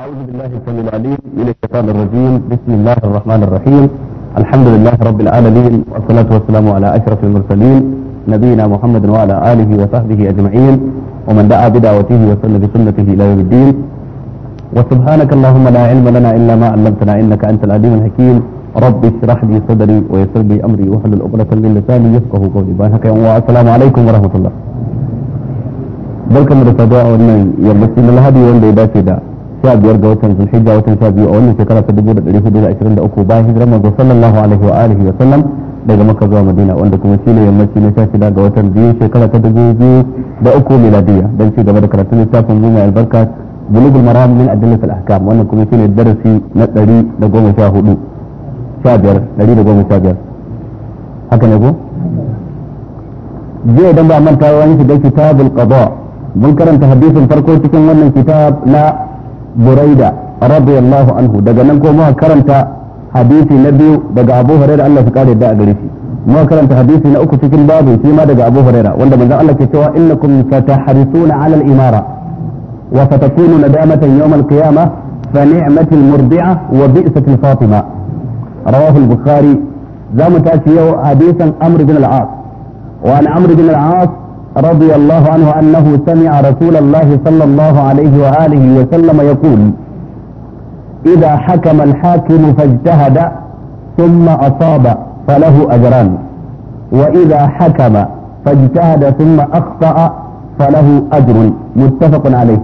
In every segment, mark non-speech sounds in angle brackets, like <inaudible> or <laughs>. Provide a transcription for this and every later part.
أعوذ بالله السميع العليم من الشيطان الرجيم بسم الله الرحمن الرحيم الحمد لله رب العالمين والصلاة والسلام على أشرف المرسلين نبينا محمد وعلى آله وصحبه أجمعين ومن دعا بدعوته وسن بسنته إلى يوم الدين وسبحانك اللهم لا علم لنا إلا ما علمتنا إنك أنت العليم الحكيم رب اشرح لي صدري ويسر لي أمري واحلل عقدة من لساني يفقه قولي بارك والسلام عليكم ورحمة الله بل da saduwa a wannan yammaci na lahadi wanda sha biyar ga watan zulhijja watan sha biyu a wannan shekara ta dubu da ɗari hudu da ashirin da uku bayan hijirar manzo sallallahu alaihi wa alihi wa sallam daga makka zuwa madina wanda kuma shi ne yammaci na sha shida ga watan biyu shekara ta dubu biyu da uku miladiya don ci gaba da karatun littafin mu mai albarka bulugul maram min adillat al ahkam wannan kuma shi ne darasi na ɗari da goma sha hudu sha biyar ɗari da goma sha biyar haka ne ko jiya idan ba manta wani shiga kitabul qada mun karanta hadisin farko cikin wannan kitab na بريدة رضي الله عنه دقا نمكو موها كرمتا حديثي نبيو دقا أبو هريرة الله في داء قريسي موها كرمتا حديثي نأكو في كل باب فيما دقا أبو هريرة وانا من ذا الله إنكم ستحرسون على الإمارة وستكونوا ندامة يوم القيامة فنعمة المرضعة وبئسة الفاطمة رواه البخاري زامتاشيو حديثا أمر بن العاص وأنا أمر بن العاص رضي الله عنه أنه سمع رسول الله صلى الله عليه وآله وسلم يقول إذا حكم الحاكم فاجتهد ثم أصاب فله أجران وإذا حكم فاجتهد ثم أخطأ فله أجر متفق عليه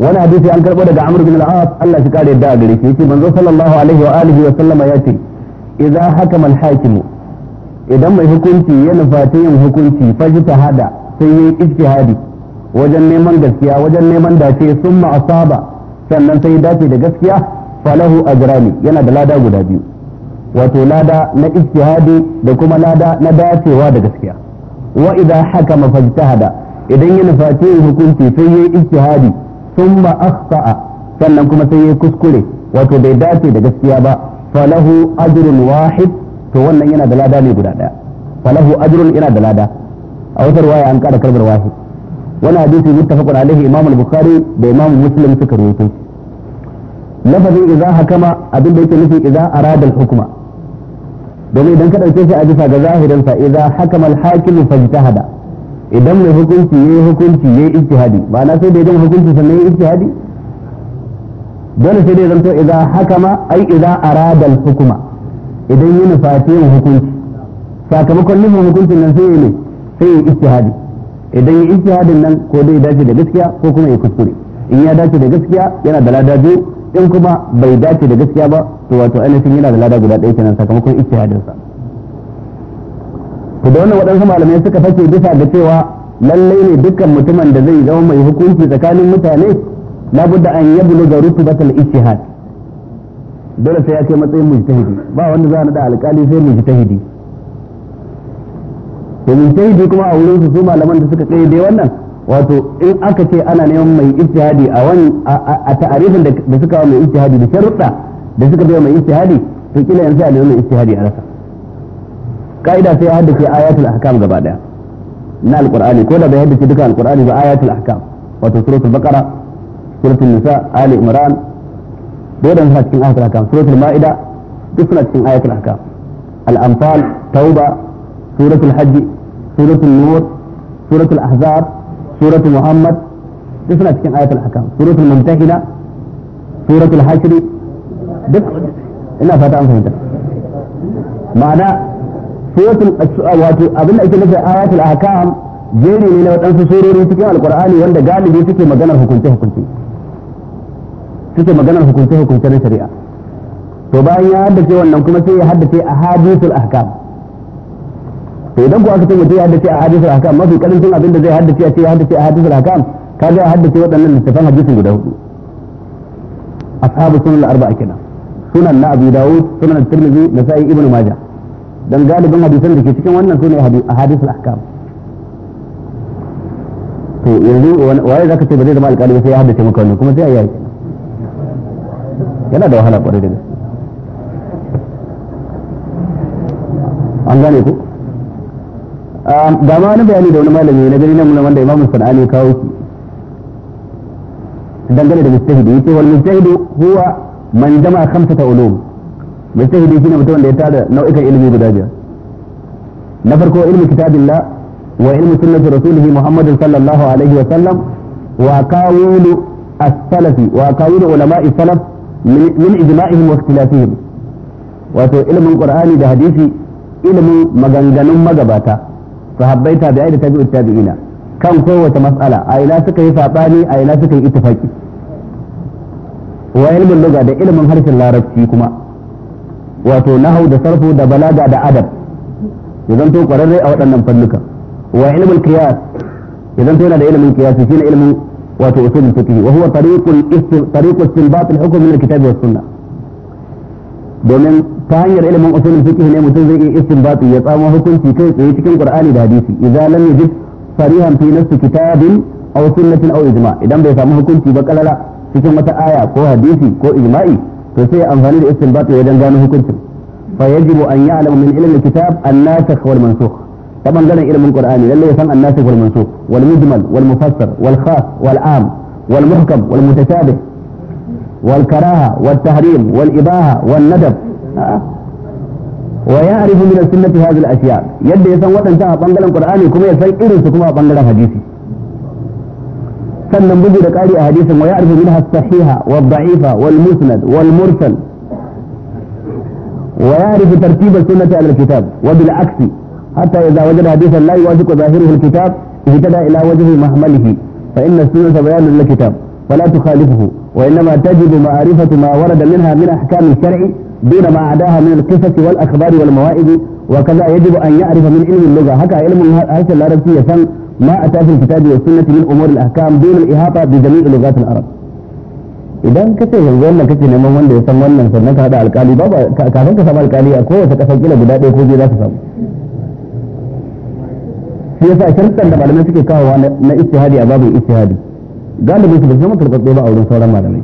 وانا حديثي عن كربو دقى عمرو بن العاص الله شكاري الداغري في منذ صلى الله عليه وآله وسلم يأتي إذا حكم الحاكم idan mai hukunci ya nufata yin hukunci fashi ta hada sai yi ijtihadi wajen neman gaskiya wajen neman dace sun ma'asaba sannan sai dace da gaskiya falahu ajrani yana da lada guda biyu wato lada na ijtihadi da kuma lada na dacewa da gaskiya wa idza hakama fajtahada idan ya nufata yin hukunci sai yi ijtihadi sun ma'asaba sannan kuma sai yi kuskure wato bai dace da gaskiya ba falahu ajrun wahid to wannan yana da lada ne guda daya falahu ajrun yana da lada a wata riwaya an kada karbar wahid wannan hadisi muttafaqun alaihi imam al-bukhari da imam muslim suka rawaito lafazin idza hakama abin da yake nufi idza arada al-hukma domin idan ka dauke shi a bisa ga zahirin sa idza hakama al-hakim fajtahada idan mai hukunci yayi hukunci yayi ijtihadi ma'ana sai da idan hukunci sannan yayi ijtihadi dole sai dai zanto idza hakama ai idza arada al-hukma idan yi nufata yin hukunci sakamakon nufin hukuncin nan sai ne sai yi ijtihadi idan yi ijtihadin nan ko dai dace da gaskiya ko kuma ya kuskure in ya dace da gaskiya yana da lada biyu in kuma bai dace da gaskiya ba to wato ainihin yana da lada guda ɗaya kenan sakamakon ijtihadin sa to da wannan waɗansu malamai suka fake bisa ga cewa lallai ne dukkan mutumin da zai zama mai hukunci tsakanin mutane labudda an yabluga rutubatal ijtihad dole sai ya kai matsayin mujtahidi ba wanda za a da alkali sai mujtahidi to mujtahidi kuma a wurin su su malaman da suka tsaye dai wannan wato in aka ce ana neman mai ijtihadi a wani a ta'arifin da suka wa mai ijtihadi da sharuɗa da suka bai mai ijtihadi to kila yanzu a neman mai ijtihadi a rasa ka'ida sai ya haddace ayatul ahkam gaba daya na alqur'ani ko da bai haddace duka alqur'ani ba ayatul ahkam wato suratul baqara suratul nisa ali imran da suna cikin ayatul ahkam suratul ma'ida duk suna cikin ayatul ahkam al-anfal tauba suratul hajj suratul nur suratul ahzab suratul muhammad duk suna cikin ayatul ahkam suratul mumtahina suratul hashr duk ina fata an fahimta ma'ana suratul wato abin da ake nufi ayatul ahkam jeri ne na waɗansu surori cikin alkur'ani wanda galibi suke maganar hukunce hukunce suke maganar hukunce hukunce na shari'a to bayan ya haddace wannan kuma sai ya haddace a hadisul ahkam to idan ko aka ce mutum ya haddace a hadisul ahkam mafi karancin abin da zai haddace a ce ya haddace a hadisul ahkam ka ga haddace waɗannan littafan hadisin guda hudu ashabu sunan al-arba'a kenan sunan na abu dawud sunan tirmidhi nasa'i ibnu majah dan galibin hadisan da ke cikin wannan sune hadisul ahkam to yanzu waye zaka ce ba zai zama alƙali sai ya haddace maka wannan kuma sai ayi yana da wahala kwarai da gaske an gane ku ga ma wani bayani da wani malami na gani na mun wanda imamu sanani kawo shi dangane da mustahidu yace wal mustahidu huwa man jama'a khamsata ulum mustahidu shine mutum da ya tada nau'ikan ilimi guda biyar na farko ilmi kitabillah wa ilmi sunnati rasulihi muhammad sallallahu alaihi wa sallam wa qawlu as-salafi wa qawlu ulama'i salaf min ijma'ihim wa ikhtilafihim wato ilimin qur'ani da hadisi ilimin maganganun magabata sahabbai tabi'ai da tabi'ut tabi'ina kan kowace mas'ala a ina suka yi sabani a ina suka yi ittifaqi wa ilmin lugha da ilimin harshen larabci kuma wato nahau da sarfu da balaga da adab idan zanto kwararre a waɗannan fannuka wa ilmin qiyas idan zanto yana da ilimin qiyas ne ilimin وفي اصول الفقه وهو طريق طريق استنباط الحكم من الكتاب والسنه. دومين تاير الى من اصول الفقه لم تنزل استنباط يقام حكم في كيف يتكلم القران الحديث اذا لم يجد صريحا في نفس كتاب او سنه او اجماع اذا بيسا حكم في بقى لا في كم آية كو حديثي كو اجماعي فسي انفاني الاستنباط ويدن كان حكم فيجب ان يعلم من علم الكتاب الناسخ والمنسوخ. طبعا إلى من القرآن اللي يفهم الناسخ والمنسوخ والمجمل والمفسر والخاص والعام والمحكم والمتشابه والكراهه والتحريم والإباحة والندب ويعرف من السنة هذه الأشياء يد يفهم وتنتهى طبعا القرآن كما يفهم إرس كما طبعا الحديث سنن بجد قاري أحاديث ويعرف منها الصحيحة والضعيفة والمسند والمرسل ويعرف ترتيب السنة على الكتاب وبالعكس حتى إذا وجد حديثا لا يوافق ظاهره الكتاب اهتدى إلى وجه محمله فإن السنة بيان للكتاب ولا تخالفه وإنما تجب معرفة ما ورد منها من أحكام الشرع دون ما عداها من القصص والأخبار والموائد وكذا يجب أن يعرف من علم اللغة هكا علم هذا العربي يفهم ما أتى في الكتاب والسنة من أمور الأحكام دون الإهاقة بجميع لغات العرب idan ka ce yanzu wannan kake neman wanda ya san wannan sannan ka hada alkali ba kafin ka samu alkali a kowace kasar kila guda ɗaya ko biyu za ka samu shi yasa sharuɗan da malamai suke kawowa na ijtihadi a babin ijtihadi galibin su ba zama karɓaɓɓe ba a wurin sauran malamai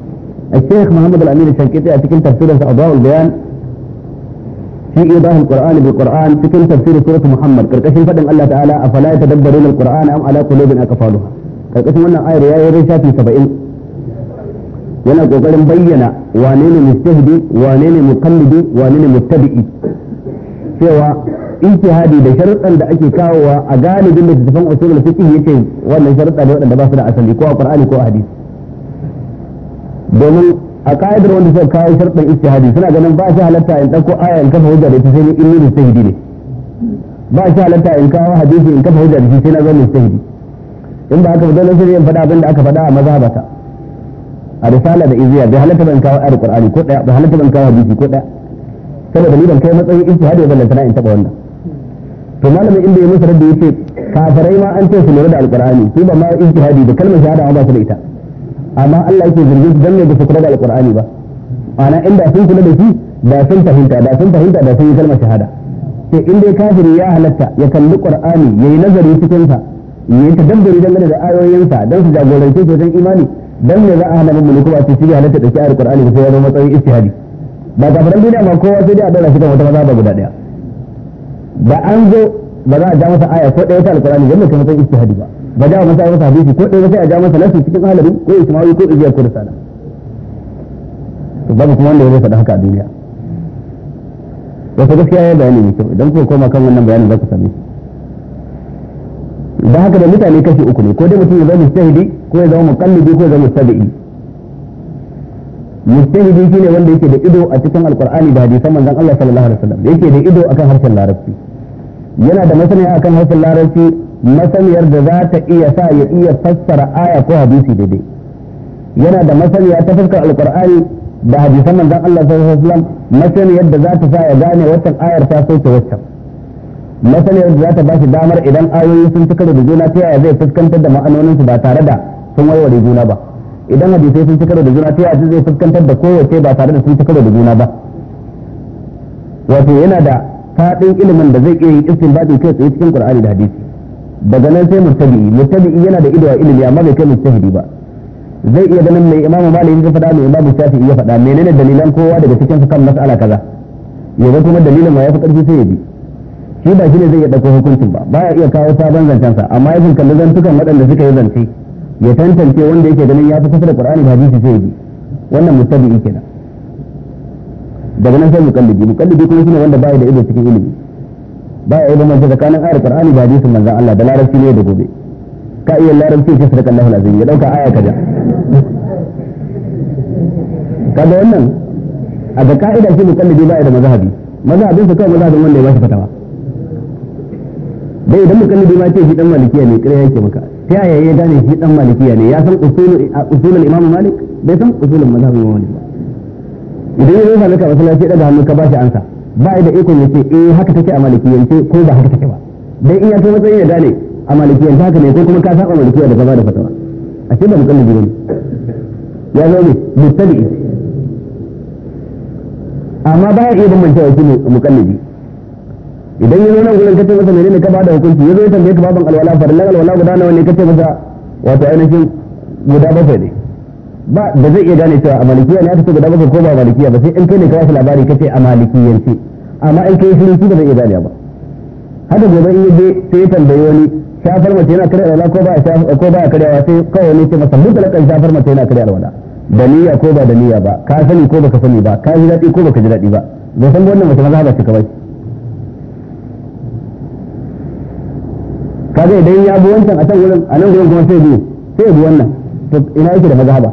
a sheikh muhammad al-amin shankiti a cikin tafsirinsa adawul bayan في إيضاح القرآن بالقرآن تكن تفسير سورة محمد كركشن فدن الله تعالى أفلا يتدبرون القرآن أم على قلوب أقفالها كركشن wannan ayar yayi risha fi 70 yana kokarin bayyana wane ne mustahdi wane ne muqallidi wane ne muttabi'i cewa ijtihadi da sharuɗan da ake kawowa a galibin littattafan usulul fiqh yake wannan sharuɗa ne waɗanda ba su da asali ko a qur'ani ko a hadisi domin a ka'idar wanda suka kawo sharɗin ijtihadi suna ganin ba shi halatta in ɗauko aya in kafa hujja da ita sai ni in yi mujtahidi ne ba shi halatta in kawo hadisi in kafa hujja da shi sai na zama mujtahidi in ba haka ba dole sai in faɗa abin da aka faɗa a mazhabata a risala da iziya bai halatta ban kawo ayar qur'ani ko ɗaya bai halatta ban kawo hadisi ko ɗaya saboda ni ban kai matsayin ijtihadi ba lantana in taɓa wannan to malamin inda ya musu radda yace kafirai ma an ce su lura da alqur'ani su ba ma ijtihadi da kalmar shahada ba su da ita amma Allah yake zargin su danne da su kula da alqur'ani ba ana inda sun kula da shi da sun fahimta da sun fahimta da sun yi kalmar shahada sai in dai kafiri ya halatta ya kalli qur'ani yayi nazari cikin sa yayi tadabburi dangane da ayoyinsa dan su jagorance su wajen imani dan ne za a hana mun kuma su shi halatta da shi alqur'ani sai ya zama matsayin ijtihadi ba kafiran duniya ma kowa sai dai a dara shi kan wata ba guda daya da an zo ba za a ja masa aya ko ɗaya ta alkurani yadda kuma san ijtihadi ba ba ja masa masa hadisi ko ɗaya sai a ja masa lafi cikin ahlari ko ismawi ko ijiyar ko risala babu kuma wanda ya faɗa haka a duniya wata gaskiya ya bayani mai kyau idan kuka koma kan wannan bayanin za ku same da haka da mutane kashi uku ne ko dai mutum ya zama mujtahidi ko ya zama muqallidi ko ya zama sabi'i mujtahidi shine wanda yake da ido a cikin alqur'ani da hadisan manzon Allah sallallahu alaihi wasallam yake da ido akan harshen larabci yana da masaniya akan harshen larabci masaniyar da za ta iya sa ya iya fassara aya ko hadisi daidai yana da masaniya ta fuskar alqur'ani da hadisan manzon Allah sallallahu alaihi wasallam masaniyar da za ta sa ya gane waccan ayar ta soke waccan masaniyar da za ta ba shi damar idan ayoyi sun cika da juna ta yaya zai fuskantar da su ba tare da sun warware juna ba idan hadisai sun ci karo da juna sai a zai fuskantar da kowace ba tare da sun ci karo da juna ba wato yana da fadin ilimin da zai iya yin ba kai tsaye cikin qur'ani da hadisi daga nan sai murtabi'i murtabi'i yana da ido a ilimi amma bai kai mujtahidi ba zai iya ganin mai imamu malik ya faɗa mai imamu shafi ya faɗa menene dalilan kowa daga cikin su kan mas'ala kaza yanzu kuma dalilin ma ya fi ƙarfi sai ya bi shi ba shi ne zai iya ɗauko hukuncin ba ba ya iya kawo sabon zancensa amma ya kalli zantukan waɗanda suka yi zance ya tantance wanda yake ganin ya fi kusa da qur'ani da hadisi sai bi wannan mustabi'i kenan daga nan sai muqallidi muqallidi kuma shine wanda bai da ido cikin ilimi ba ya ilimin ta tsakanin ayar qur'ani da hadisin manzon Allah da larabci ne da gobe ka iya larabci sai sadaka Allahu alazim ya dauka aya kaza kaga wannan a ga ka'ida shi muqallidi ba ya da mazhabi mazhabin sa kawai mazhabin wanda ya bashi fatawa dai idan muqallidi ma ce shi dan malikiya ne kire yake maka ta yaya ya gane shi dan malikiya ne ya san usulul imam malik bai san usulul mazhabin imam malik ba idan ya zo ka maka masallaci da hannu ka bashi ansa ba da ikon yace eh haka take a ce ko ba haka take ba dan in ya kai matsayin ya gane a malikiyance haka ne ko kuma ka saba malikiya da gaba da fatawa a ce ba mukallabi ne ya zo ne mutabi amma ba ya iya mu shi gidan idan yi wannan gudun kacce kace masa menene ka bada hukunci ya zai ya tambaye ka baban alwala farillan alwala guda nawa ne kace masa wato ainihin guda bakwai ne ba da zai iya gane cewa a malikiya ne aka ce guda bakwai ko ba malikiya ba sai in kai ne ka wasu labari kace a malikiyance amma in kai shirin shi ba zai iya gane ba haka gobe in yaje sai ya tambayi wani shafar mace yana karya alwala ko ba ko ba wa sai kawai ne ce masa mutlakan shafar mace yana karya alwala da niyya ko ba da niyya ba ka sani ko baka sani ba ka ji daɗi ko baka ji daɗi ba ba san wannan mace maza ba shi kawai zai idan ya bi wancan a can wurin a nan wurin kuma sai bi sai bi wannan to ina yake da mazhaba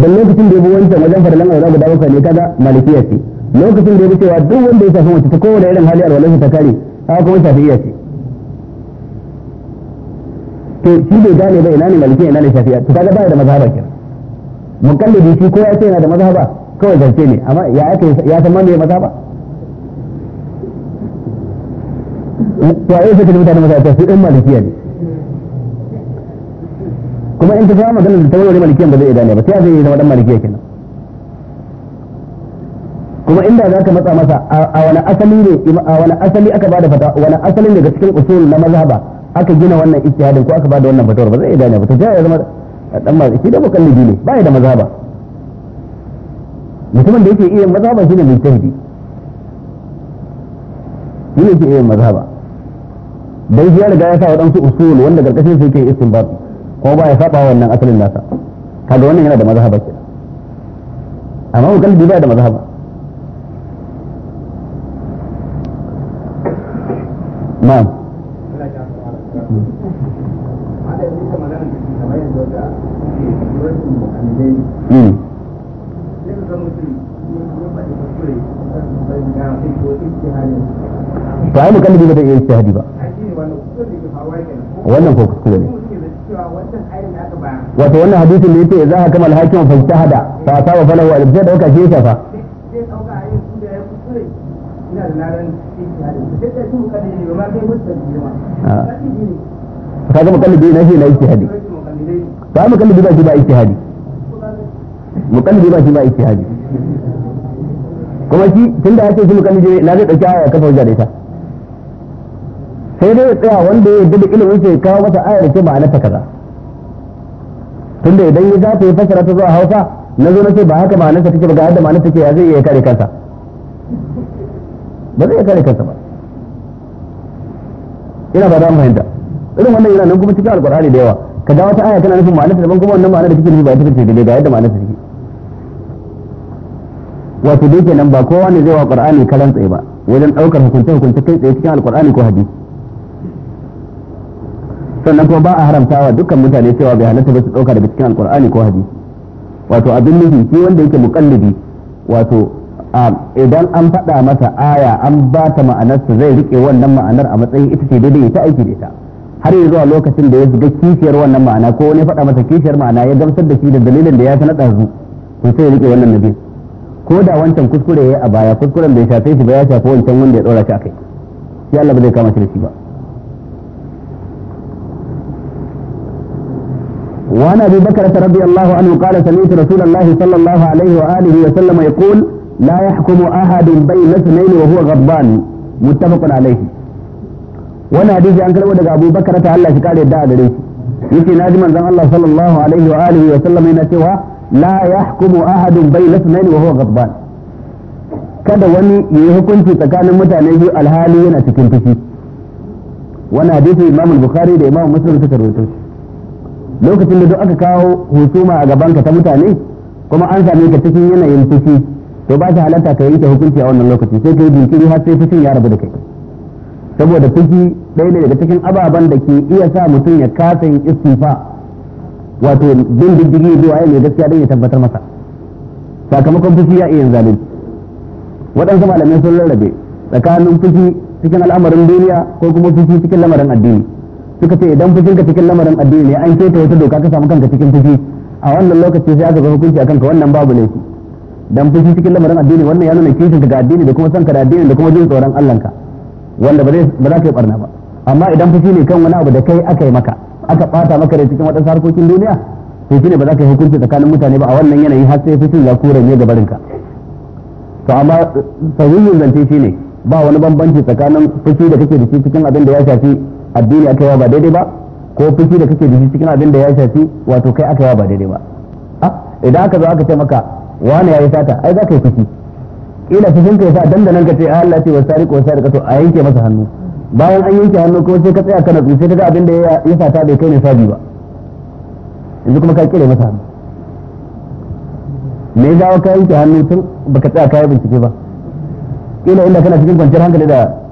dan lokacin da ya bi wancan wajen farlan aure guda bakwai ne kaga malikiya ce lokacin da ya bi cewa duk wanda ya tafi wata ta kowane irin hali alwala ta kare haka kuma shafi'iyya ce to shi bai gane ba ina ne malikiya ina ne shafi'iyya to kaga ba da mazhaba kenan mukallidi shi ko ya ce yana da mazhaba kawai zance ne amma ya aka ya san ma me mazhaba to ai sai da mutane maza ta su ɗan malikiya ne kuma in ka fara magana da tawaye malikiyan ba zai idane ba sai zai zama dan malikiya kenan kuma inda ka matsa masa a wani asali ne a wani asali aka bada fata wani asali ne ga cikin usul na mazhaba aka gina wannan ijtihadin ko aka bada wannan fatawar ba zai idane ba to sai ya zama dan maliki da mukallidi ne ba ya da mazhaba mutumin da yake iya mazhaba shine mujtahidi shine yake iya mazhaba dan shi ya riga ya sa waɗansu usul wanda karkashin su yake istinbat ko ba ya saba wannan asalin nasa kaga wannan yana da mazhaba ke amma mu kalli ba da mazhaba na'am ba hmm. to ai mukallibi ba zai iya ijtihadi ba wannan ko kuskure ne wato wannan hadisin da yake za a kama alhakim fa ijtihada fa asaba falahu al zai dauka shi shafa kaga mukallibi na shi na ijtihadi ba mukallibi ba shi ba ijtihadi mukallibi ba shi ba ijtihadi kuma shi tunda ya ce shi mukallibi na zai dauki aya kafa wajen da ita sai dai ya tsaya wanda ya yarda da ilimin sai kawo masa ayar ce ma'ana ta kaza tunda idan ya zata ya fasara ta zuwa Hausa na zo na ce ba haka ma'anar ta take ba ga yadda ma'anar take ya zai iya kare kansa ba zai iya kare kansa ba ina ba da fahimta irin wannan yana nan kuma cikin alkur'ani da yawa ka ga wata aya tana nufin ma'anar daban kuma wannan ma'anar da take nufi ba ita take daidai ga yadda ma'anar take wato dai kenan ba kowa ne zai wa qur'ani kalan tsaye ba wajen daukar hukunce hukunce kai tsaye cikin alkur'ani ko hadisi sannan kuma ba a haramtawa dukkan mutane cewa bai halatta ba su dauka daga cikin alkur'ani ko hadisi wato abin nufi shi wanda yake mukallabi wato idan an faɗa masa aya an ba ta ma'anarsa zai rike wannan ma'anar a matsayin ita ce daidai ta aiki da ita har yi zuwa lokacin da ya shiga kishiyar wannan ma'ana ko wani faɗa masa kishiyar ma'ana ya gamsar da shi da dalilin da ya fi naɗa su to sai ya rike wannan nabi ko da wancan kuskure ya yi a baya kuskuren bai shafe shi ba ya shafi wancan wanda ya ɗora shi a kai sai Allah ba zai kama shi da shi ba وعن أبي بكرة رضي الله عنه قال سمعت رسول الله صلى الله عليه وآله وسلم يقول لا يحكم أحد بين اثنين وهو غضبان متفق عليه وانا حديث عن كلمة أبو بكرة الله شكال يدعى قريش يكي ناجما زن الله صلى الله عليه وآله وسلم هنا سوى لا يحكم أحد بين اثنين وهو غضبان kada wani ya yi hukunci tsakanin mutane biyu alhali yana cikin fushi wannan hadisi imam bukhari da imam muslim suka rawaito shi lokacin da duk aka kawo husuma a gabanka ta mutane kuma an same ka cikin yanayin fushi to ba shi halatta ka yanke hukunci a wannan lokaci sai ka yi jinkiri har sai fushin ya rabu da kai saboda fushi ɗaya ne daga cikin ababen da ke iya sa mutum ya kasa yin istifa wato bin diddigi zuwa ya gaskiya don ya tabbatar masa sakamakon fushi ya iya zalunci waɗansu malamai sun rarrabe tsakanin fushi cikin al'amarin duniya ko kuma fushi cikin lamarin addini suka ce idan fushinka cikin lamarin addini ne an keta wata doka ka samu kanka cikin fushi a wannan lokaci sai aka ga hukunci akan ka wannan babu laifi dan fushi cikin lamarin addini wannan ya nuna kishin daga addini da kuma sanka da addini da kuma jin tsoron Allah ka wanda ba za ka yi barna ba amma idan fushi ne kan wani abu da kai aka yi maka aka bata maka da cikin wadansu harkokin duniya to shine ba za ka yi hukunci tsakanin mutane ba a wannan yanayi har sai fushin ya kura ne ga barinka to amma eh, sahihin zance shine ba wani bambanci tsakanin fushi da kake da shi cikin abin da ya shafi addini aka yawa ba daidai ba ko fushi da kake da shi cikin abin da ya shafi wato kai aka yawa ba daidai ba ah, idan aka zo aka ce maka wani ya yi sata ai za ka yi fushi kila fushin ka yasa dandanan ka ce ai ah, Allah ce wa ko wa sariqatu a yanke masa hannu bayan an yanke hannu kuma sai ka tsaya kana tsu sai ga abin da ya sata bai kai ne sabi ba yanzu kuma ka kire masa hannu me ya jawo ka yanke hannu tun baka tsaya ka yi bincike ba kila inda kana cikin kwanciyar hankali da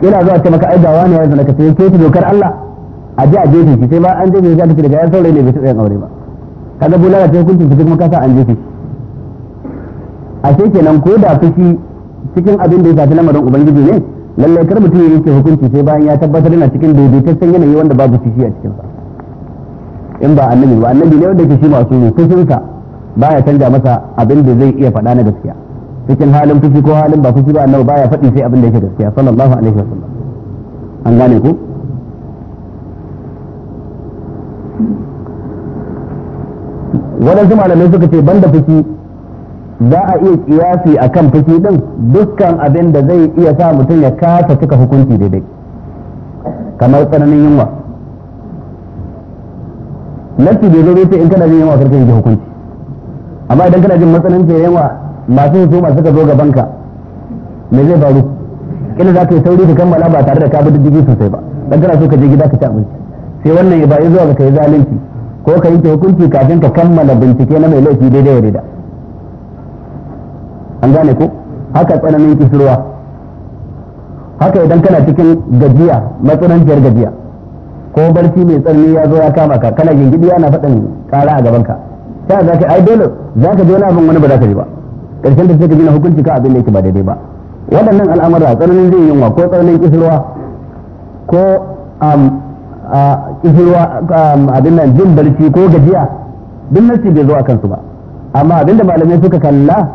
yana zuwa ce maka aida wani ya zana ka sai ke dokar Allah a je a jefe shi sai ma an jefe shi aka daga yan saurayi ne bai taɓa aure ba kaga bulala ta hukuncin su kuma kasa an jefe shi ashe kenan ko da fushi cikin abin da ya shafi lamarin ubangiji ne lallai kar mutum ya yanke hukunci sai bayan ya tabbatar yana cikin daidaitaccen yanayi wanda babu fushi a cikin sa in ba annabi ba annabi ne wanda ke shi masu fushinsa baya canja masa abin da zai iya faɗa na gaskiya cikin halin fushi ko halin ba fushi ba annabi baya faɗi sai abin da yake gaskiya sallallahu alaihi wasallam an gane ku waɗansu malamai suka ce banda fushi za a iya kiyasi a kan fushi ɗin dukkan abin da zai iya sa mutum ya kasa cika hukunci daidai kamar tsananin yunwa lafi bai zo in kana jin yunwa karka yanke hukunci amma idan kana jin matsanancin yunwa masu husuma suka zo gaban ka me zai faru ina za ka yi sauri ka kammala ba tare da ka bi sosai ba dan kana so ka je gida ka ci abinci sai wannan ya bayi zuwa ga kai zalunci ko ka yanke hukunci kafin ka kammala bincike na mai laifi daidai wa an gane ko haka tsananin kishirwa haka idan kana cikin gajiya matsananciyar gajiya ko barci mai tsanani ya zo ya kama ka kana gingidi ana faɗin kara a gaban ka sai za ka ai dole za ka je wani abin wani ba za ka ji ba karshen da suka gina hukunci ka abin da yake ba daidai ba waɗannan al'amura tsananin zai yunwa ko tsananin kisirwa ko um, um, abin nan jin barci ko gajiya duk nasi bai zo a kansu ba amma abin da malamai suka kalla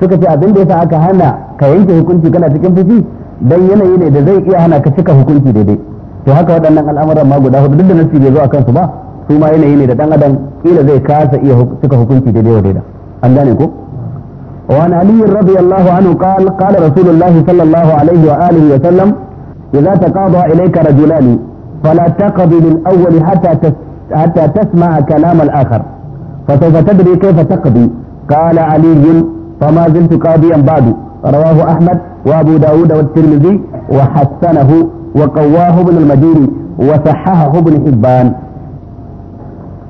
suka ce abin da ya sa aka hana ka yanke hukunci kana cikin fushi dan yanayi ne da zai iya hana ka cika hukunci daidai to haka waɗannan al'amuran ma guda hudu duk da nasi bai zo a kansu ba su ma yanayi ne da dan adam kila zai kasa iya cika hukunci daidai wa daidai an gane ko وعن علي رضي الله عنه قال قال رسول الله صلى الله عليه وآله وسلم إذا تقاضى إليك رجلان فلا تقضي للأول حتى حتى تسمع كلام الآخر فسوف تدري كيف تقضي قال علي فما زلت قاضيا بعد رواه أحمد وأبو داود والترمذي وحسنه وقواه ابن المديري وصححه ابن حبان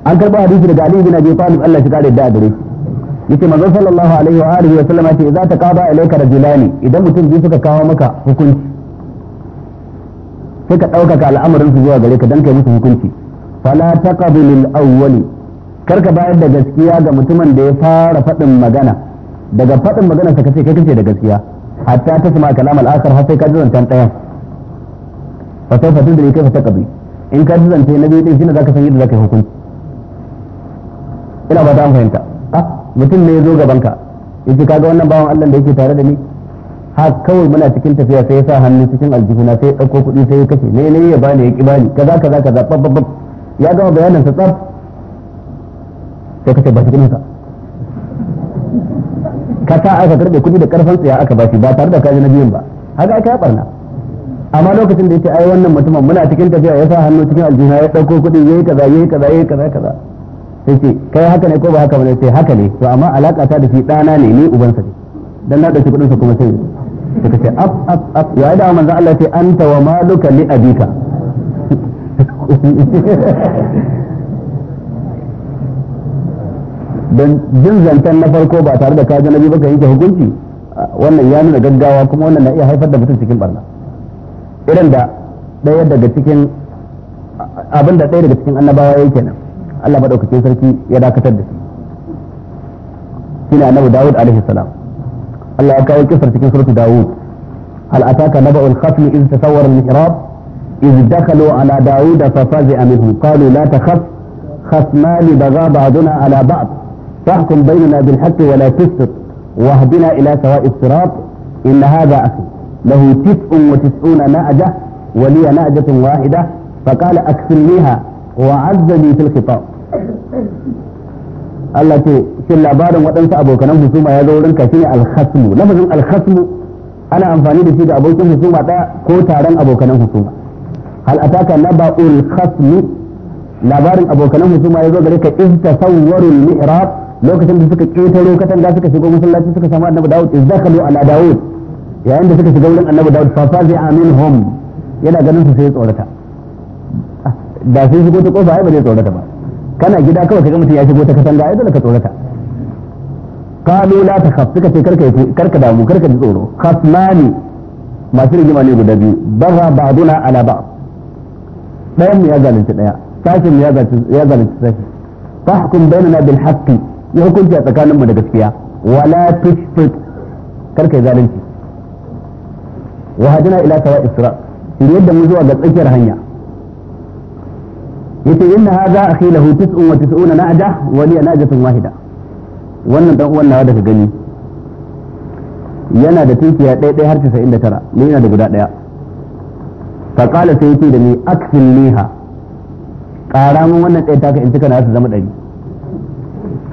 عن karɓo حديث daga بن أبي طالب Talib Allah shi yace manzo sallallahu alaihi wa alihi wa sallam yace idza taqaba ilayka rajulani idan mutum biyu suka kawo maka hukunci sai ka ɗaukaka al'amarin su zuwa gare ka dan kai musu hukunci fala taqbil al-awwal karka bayar da gaskiya ga mutumin da ya fara faɗin magana daga faɗin magana sa kace kai kace da gaskiya hatta ta sama kalam al-akhar har sai ka zantan ɗaya fa sai fa tudri kai fa taqbi in ka zance na biyu din shine zaka san yadda zaka yi hukunci ina ba ta fahimta a ah, mutum ne ya zo gaban ka ce kaga wannan bawan Allah da yake tare da ni ha kawai muna cikin tafiya sai ya sa hannu cikin aljihuna sai ya ɗauko kuɗi sai ya kashe ne ne ya bani ya ki bani kaza kaza kaza bab ya gama bayanin sa tsaf sai kace ba cikin sa ka sa aka karbe kuɗi da karfin tsaya aka bashi ba tare da kaji na biyun ba haka aka ya barna amma lokacin da yace ai wannan mutumin muna cikin tafiya ya sa hannu cikin aljihuna ya ɗauko kuɗi yayi kaza yayi kaza yayi kaza kaza sai ce kai haka ne ko ba haka bane sai haka ne to amma alaka ta da shi dana ne ni uban sa dan na dauki kudin sa kuma sai suka ce af af af ya da manzo Allah sai anta wa maluka li abika dan jin zantan na farko ba tare da kaji nabi ka yanke hukunci wannan ya nuna gaggawa kuma wannan na iya haifar da mutum cikin barna irin da ɗaya daga cikin abin da ɗaya daga cikin annabawa yake nan Allah madaukakin sarki ya dakatar da shi shine annabi Dawud alaihi salam Allah ya kawo kisar cikin suratu Dawud hal ataka naba'ul khasmi iz tasawwara al-mihrab iz dakhalu ala Dawud fa fazi'a minhum qalu la takhaf خصمان بغى بعضنا على بعض فاحكم بيننا بالحق ولا تسقط واهدنا الى سواء الصراط ان هذا اخي له تسع وتسعون نعجه ولي نعجه واحده فقال اكفلنيها wa fil khitab Allah ce shin labarin waɗansu abokanan husuma ya zo wurin ka shine al-khasmu lafazin al-khasmu ana amfani da shi da abokin husuma ɗaya ko taron abokanan husuma hal ataka naba'ul khasmi labarin abokanan husuma ya zo gare ka in tasawwarul mi'rab lokacin da suka ketaro katanga suka shigo masallaci suka samu annabi Dawud izdakalu ala Dawud yayin da suka shiga wurin annabi Dawud fa fazi'a minhum yana ganin su sai tsorata da sun shigo ta kofa ai ba zai tsorata ba kana gida kawai kaga mutum ya shigo ta katanga ai dole ka tsorata qalu la takhaf suka ce karka karka damu karka ji tsoro khasmani masu rigima ne guda biyu barra ba'duna ala ba'd dayan mu ya zalunci ɗaya sashin mu ya zalunci sashi fahkum bainana bil haqqi ya hukunci a tsakanin mu da gaskiya wala tusfit karka ya zalunci wa hadina ila sawa isra yadda mu zuwa ga tsakiyar hanya yace inna hadha akhi lahu 99 na'ja wa li na'jatun wahida wannan dan uwan nawa daga gani yana da tunkiya ɗaya ɗaya har 99 ni da guda ɗaya fa qala sai yace da ni liha ƙara mun wannan ɗaya taka in su zama ɗari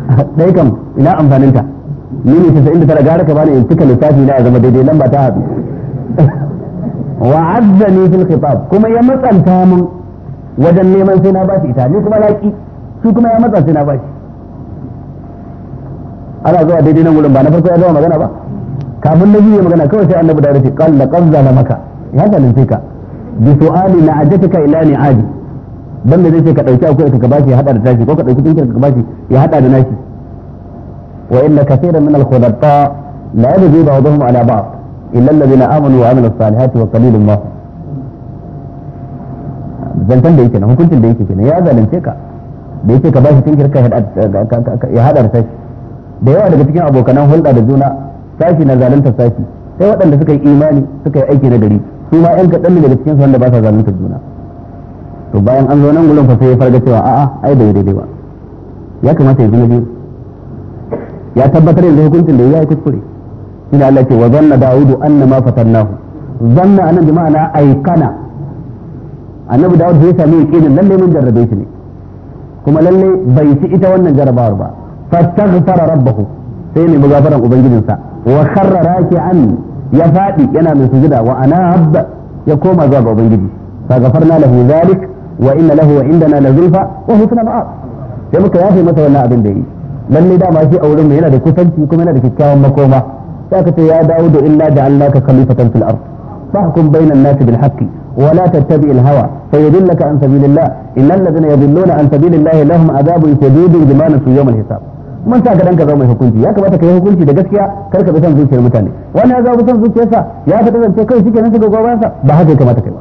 <laughs> ɗaya kam ina amfaninta ni ne 99 gara ka bani in lissafi na ya zama daidai lamba ta <laughs> waazzani fil khitab kuma ya matsanta mun wajen neman sai na ba shi ita ni kuma laki shi kuma ya matsa sai na ba shi ana zuwa daidai nan gurin ba na farko ya zama magana ba kafin na biyu magana kawai sai annabi da rufe qalla qazza la maka ya zalunce ka bi su'ali na ajatika ila ni aji ban da zai ce ka dauki akwai ka bashi ya hada da tashi ko ka dauki kinki ka bashi ya hada da nashi wa inna kaseeran min al-khulata la yadri ba'dhum ala ba'd illa alladhina amanu wa amilus salihati wa qalilun ma hum zantan da yake na hukuncin da yake kenan ya zalunce ka da yake ka bashi tinkir ka ya hada da sashi da yawa daga cikin abokanan hulɗa da juna sashi na zalunta sashi sai waɗanda suka yi imani suka yi aiki na gari su ma yan kaɗan daga cikin su wanda ba sa zalunta juna to bayan an zo nan gurin fa sai ya farga cewa a'a ai bai daidai ba ya kamata ya zama biyu ya tabbatar yanzu hukuncin da ya yi kuskure shi Allah ce wa zanna da'udu annama fatannahu zanna anan bi ma'ana aikana annabi dawud da ya sami yaqinin lalle mun jarrabe shi ne kuma lalle bai ci ita wannan jarrabawar ba fastaghfara rabbahu sai ne gafaran ubangijinsa wa kharra raki'an ya fadi yana mai sujuda wa ana abba ya koma zuwa ga ubangiji fa ghafarna lahu zalik wa inna lahu wa indana la zulfa wa husna ba'a sai muka yafe masa wannan abin da yi lalle dama shi a wurin mai yana da kusanci kuma yana da kyakkyawan makoma sai aka ce ya dawo da illa da Allah ka khalifatan fil ard fahkum bainan nasi bil haqqi ولا تتبع الهوى فيضلك عن سبيل الله إلا الذين يضلون عن سبيل الله لهم عذاب شديد بما نسوا يوم الحساب mun sa ka danka zama mai hukunci ya kamata ka yi hukunci da gaskiya kar ka bi son zuciyar mutane wani ya zama son zuciyarsa ya fita zance kai shi kenan shiga gwagwaran sa ba haka ya kamata kai ba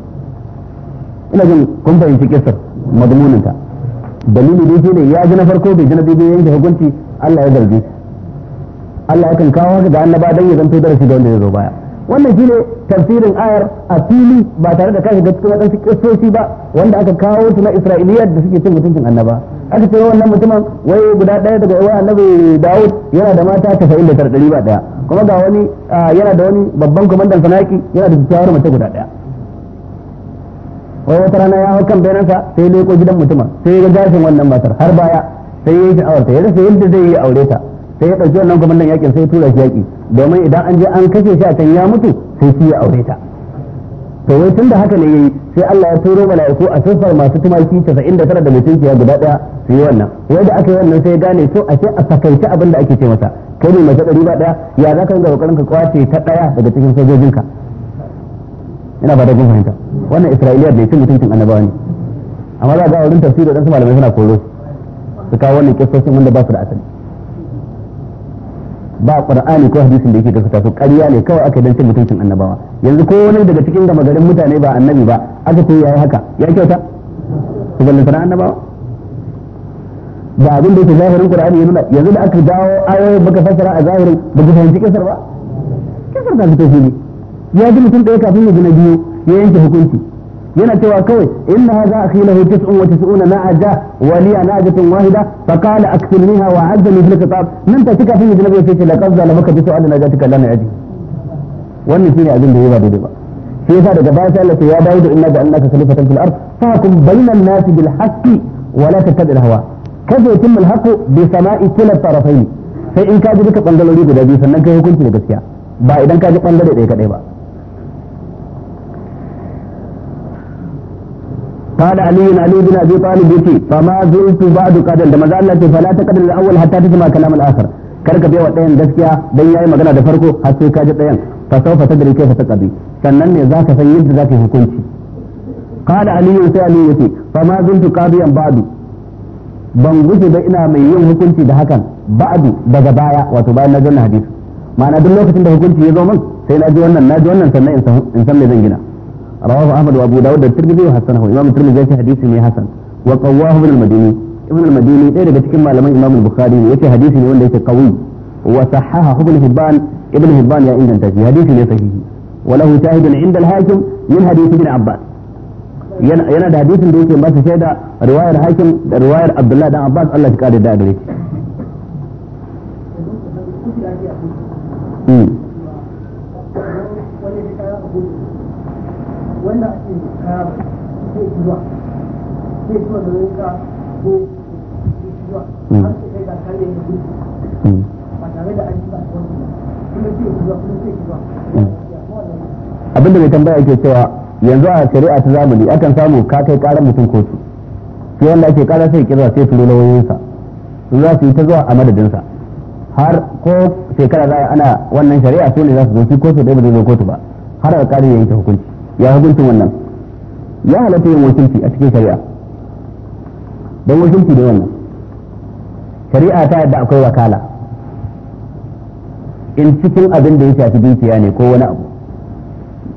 ina jin kun fahimci kisar madmunin ta dalili dai ne ya ji na farko bai ji na biyu yanke hukunci Allah ya zargi Allah kan kawo haka ga annaba dan ya zanto darasi da wanda ya zo baya wannan shine tafsirin ayar a fili ba tare da kashi shiga cikin waɗansu kisoshi ba wanda aka kawo su na isra'iliya da suke cin mutuncin annaba aka ce wannan mutumin wai guda ɗaya daga wai annabi dawo yana da mata tasa'in da tarɗari ba daya kuma ga wani yana da wani babban kwamandan sanaki yana da kyakkyawar mace guda ɗaya wai wata rana ya hau kan bayanansa sai leko gidan mutumin sai ya ga gashin wannan matar har baya sai ya yi sha'awarta ya rasa yadda zai yi aure ta sai ya ɗauki wannan kwamandan yakin sai tura shi yaki domin idan an je an kashe shi a can ya mutu sai shi ya aure ta to wai tun da haka ne yayi sai Allah ya turo mala'iku a siffar masu tumaki 99 da mutum ke guda daya su yi wannan wai da aka yi wannan sai gane to a sai a sakaice abin da ake ce masa kai ne mace ɗari ba daya ya za ka yi kokarin ka kwace ta daya daga cikin sojojinka ina ba da gun fahimta wannan isra'iliya ne cin mutuncin annabawa ne amma za a ga wurin tafsiri da su malamai suna koro su kawo wannan kissoshin wanda ba su da asali ba qur'ani ko hadisin da yake gaskata su ƙarya ne kawai aka dace mutuncin annabawa yanzu ko wani daga cikin gama garin mutane ba annabi ba aka ce yayi haka ya kyauta su ballantana annabawa ba abin da yake zahirin qur'ani ya nuna yanzu da aka dawo ayoyin baka fassara a zahirin ba ka fahimci kisar ba kisar ta fito fili ya ji mutum ɗaya kafin ya gina biyu ya yanke hukunci yana cewa kawai inna hadha akhi lahu 99 na'aja wa li na'ajatun wahida fa qala akthirniha wa azzani fil khitab nan ta cika fi nabi sai ce laqad zalamaka bi su'al najatika lana yaji wannan shine abin da yayi ba daidai ba sai yasa daga baya sai Allah ya bayar da inna ja'alnaka khalifatan fil ard fahkum bainan nasi bil haqqi wa la tattabi'il hawa kaza yatimmu al haqqu bi sama'i kila tarafayn sai in ka ji duka bangalori guda biyu sannan kai hukunci da gaskiya ba idan ka ji bangare ɗaya kadai ba قال علي علي بن ابي طالب يتي فما زلت بعد قدر لما زال الله فلا تقدر الاول حتى تسمع كلام الاخر karka bai wa ɗayan gaskiya dan yayi magana da farko har sai ka ji ɗayan fa sawfa tadri kayfa taqdi sannan ne zaka san yadda zaka yi hukunci qala ali sai ali yace fa ma zuntu qadiyan ba'du ban guje ba ina mai yin hukunci da hakan ba'du daga baya wato bayan na janna hadisi ma'ana duk lokacin da hukunci ya zo min sai na ji wannan na ji wannan sannan in san me zan gina rawahu ahmad wa abu dawud da tirmidhi wa hasanahu imam tirmidhi yace hadisi ne hasan wa qawahu ibn al-madini daga cikin malaman imam al-bukhari ne yace hadisi ne wanda yake qawi wa sahahahu ibn hibban ibn ya inganta shi hadisi ne sahihi wa lahu shahidun inda al-hakim min hadisi ibn abbas yana da hadisin da yake masa shaida da riwayar abdullahi dan abbas Allah ya kare da wanda ake kaya ba zai zuwa zai zuwa da ka ko zuwa har su kai ga kare da gudu mm. ba tare da an yi ba kuma zai zuwa kuma zai zuwa mm. abin da mai tambaya ke cewa yanzu a shari'a ta zamani akan samu ka kai karar mutum kotu sai wanda ake kara sai kira sai su nuna wayoyinsa su za su yi ta zuwa a madadinsa har ko shekara za ana wannan shari'a su ne za su zo su kotu da ba zai zo kotu ba har a ƙari yanke hukunci ya hukuncin wannan ya halatta yin wakilci a cikin shari'a don wakilci da wannan shari'a ta yadda akwai wakala in cikin abin da ya shafi dukiya ne ko wani abu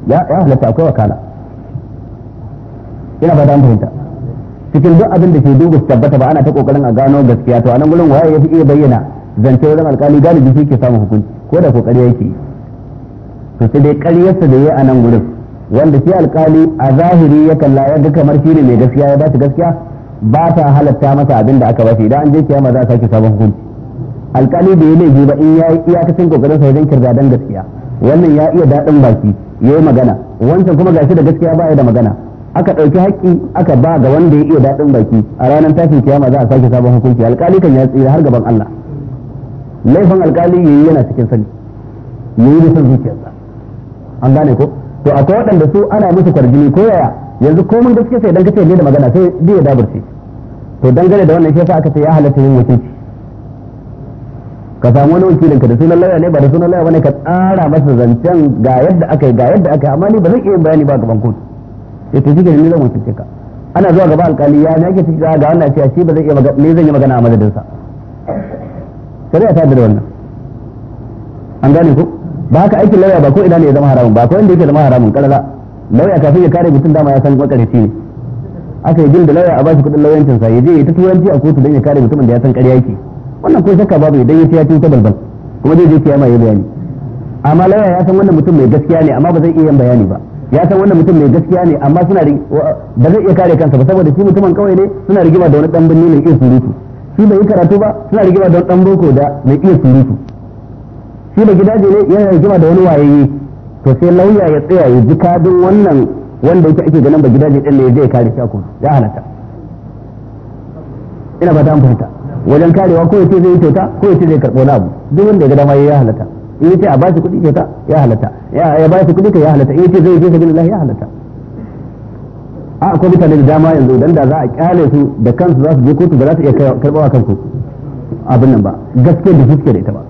ya halatta akwai wakala ina fata an fahimta cikin duk abin da ke dubu tabbata ba ana ta kokarin a gano gaskiya to a nan gurin waye ya fi iya bayyana zance wajen alkali galibi shi ke samun hukunci ko da kokari yake to sai dai karyarsa da ya a nan gurin wanda shi alkali a zahiri ya kalla yadda kamar shi ne mai gaskiya ya dace gaskiya ba ta halatta masa abin da aka ba shi idan an je kiyama za a sake sabon hukunci alkali bai laifi ba in ya yi iyakacin kokarin sauran wajen kirga dan gaskiya wannan ya iya daɗin baki ya yi magana wancan kuma gashi da gaskiya ba ya da magana aka ɗauki haƙƙi aka ba ga wanda ya iya daɗin baki a ranar tashin kiyama za a sake sabon hukunci alkali kan ya tsira har gaban Allah laifin alkali yayi yana cikin sani yayi da son zuciyarsa an gane ko to akwai waɗanda su ana musu kwarjini ko yaya yanzu komai gaske sai dan kace ne da magana sai bi ya daburce to dangane da wannan shi aka ce ya halatta yin wakilci ka samu wani wakilinka da sunan lauya ne ba da sunan lauya bane ka tsara masa zancen ga yadda aka yi ga yadda aka yi amma ni ba zan iya yin bayani ba gaban kotu sai eh, to shike ne zan wakilce ka ana zuwa gaba alkali ya nake ciki ga wannan cewa shi ba zan iya ne zan yi magana a madadinsa sa shari'a ta da wannan an gane ku ba haka aikin lauya ba ko ina ne ya zama haramun ba ko inda yake zama haramun karala lauya kafin ya kare mutum dama ya san makareci ne aka yi da lauya a bashi kudin lauyancin sa ya je ya ta turanci a kotu don ya kare mutumin da ya san ƙarya yake wannan ko shakka babu idan ya ce ya ci ta balbal kuma zai je kiyama ya bayani amma lauya ya san wannan mutum mai gaskiya ne amma ba zai iya yin bayani ba ya san wannan mutum mai gaskiya ne amma suna ba zai iya kare kansa ba saboda shi mutumin kawai ne suna rigima da wani dan binni mai iya surutu shi bai yi karatu ba suna rigima da wani dan boko da mai iya surutu shi da gidaje ne yana rigima da wani wayayi to sai lauya ya tsaya ya ji kadin wannan wanda yake ake ganin ba gidaje din ne zai kare shi a ya halatta ina ba ta an fahimta wajen karewa ko yace zai yi kyauta ko yace zai karɓo abu duk wanda ya ga dama ya halatta in yace a bashi kuɗi kyauta ya halatta ya bashi kuɗi ka ya halatta in yace zai je sabilillah ya halatta a akwai mutane da dama yanzu idan da za a kyale su da kansu za su je kotu ba za su iya karɓawa kansu abin nan ba gaskiya da da ita ba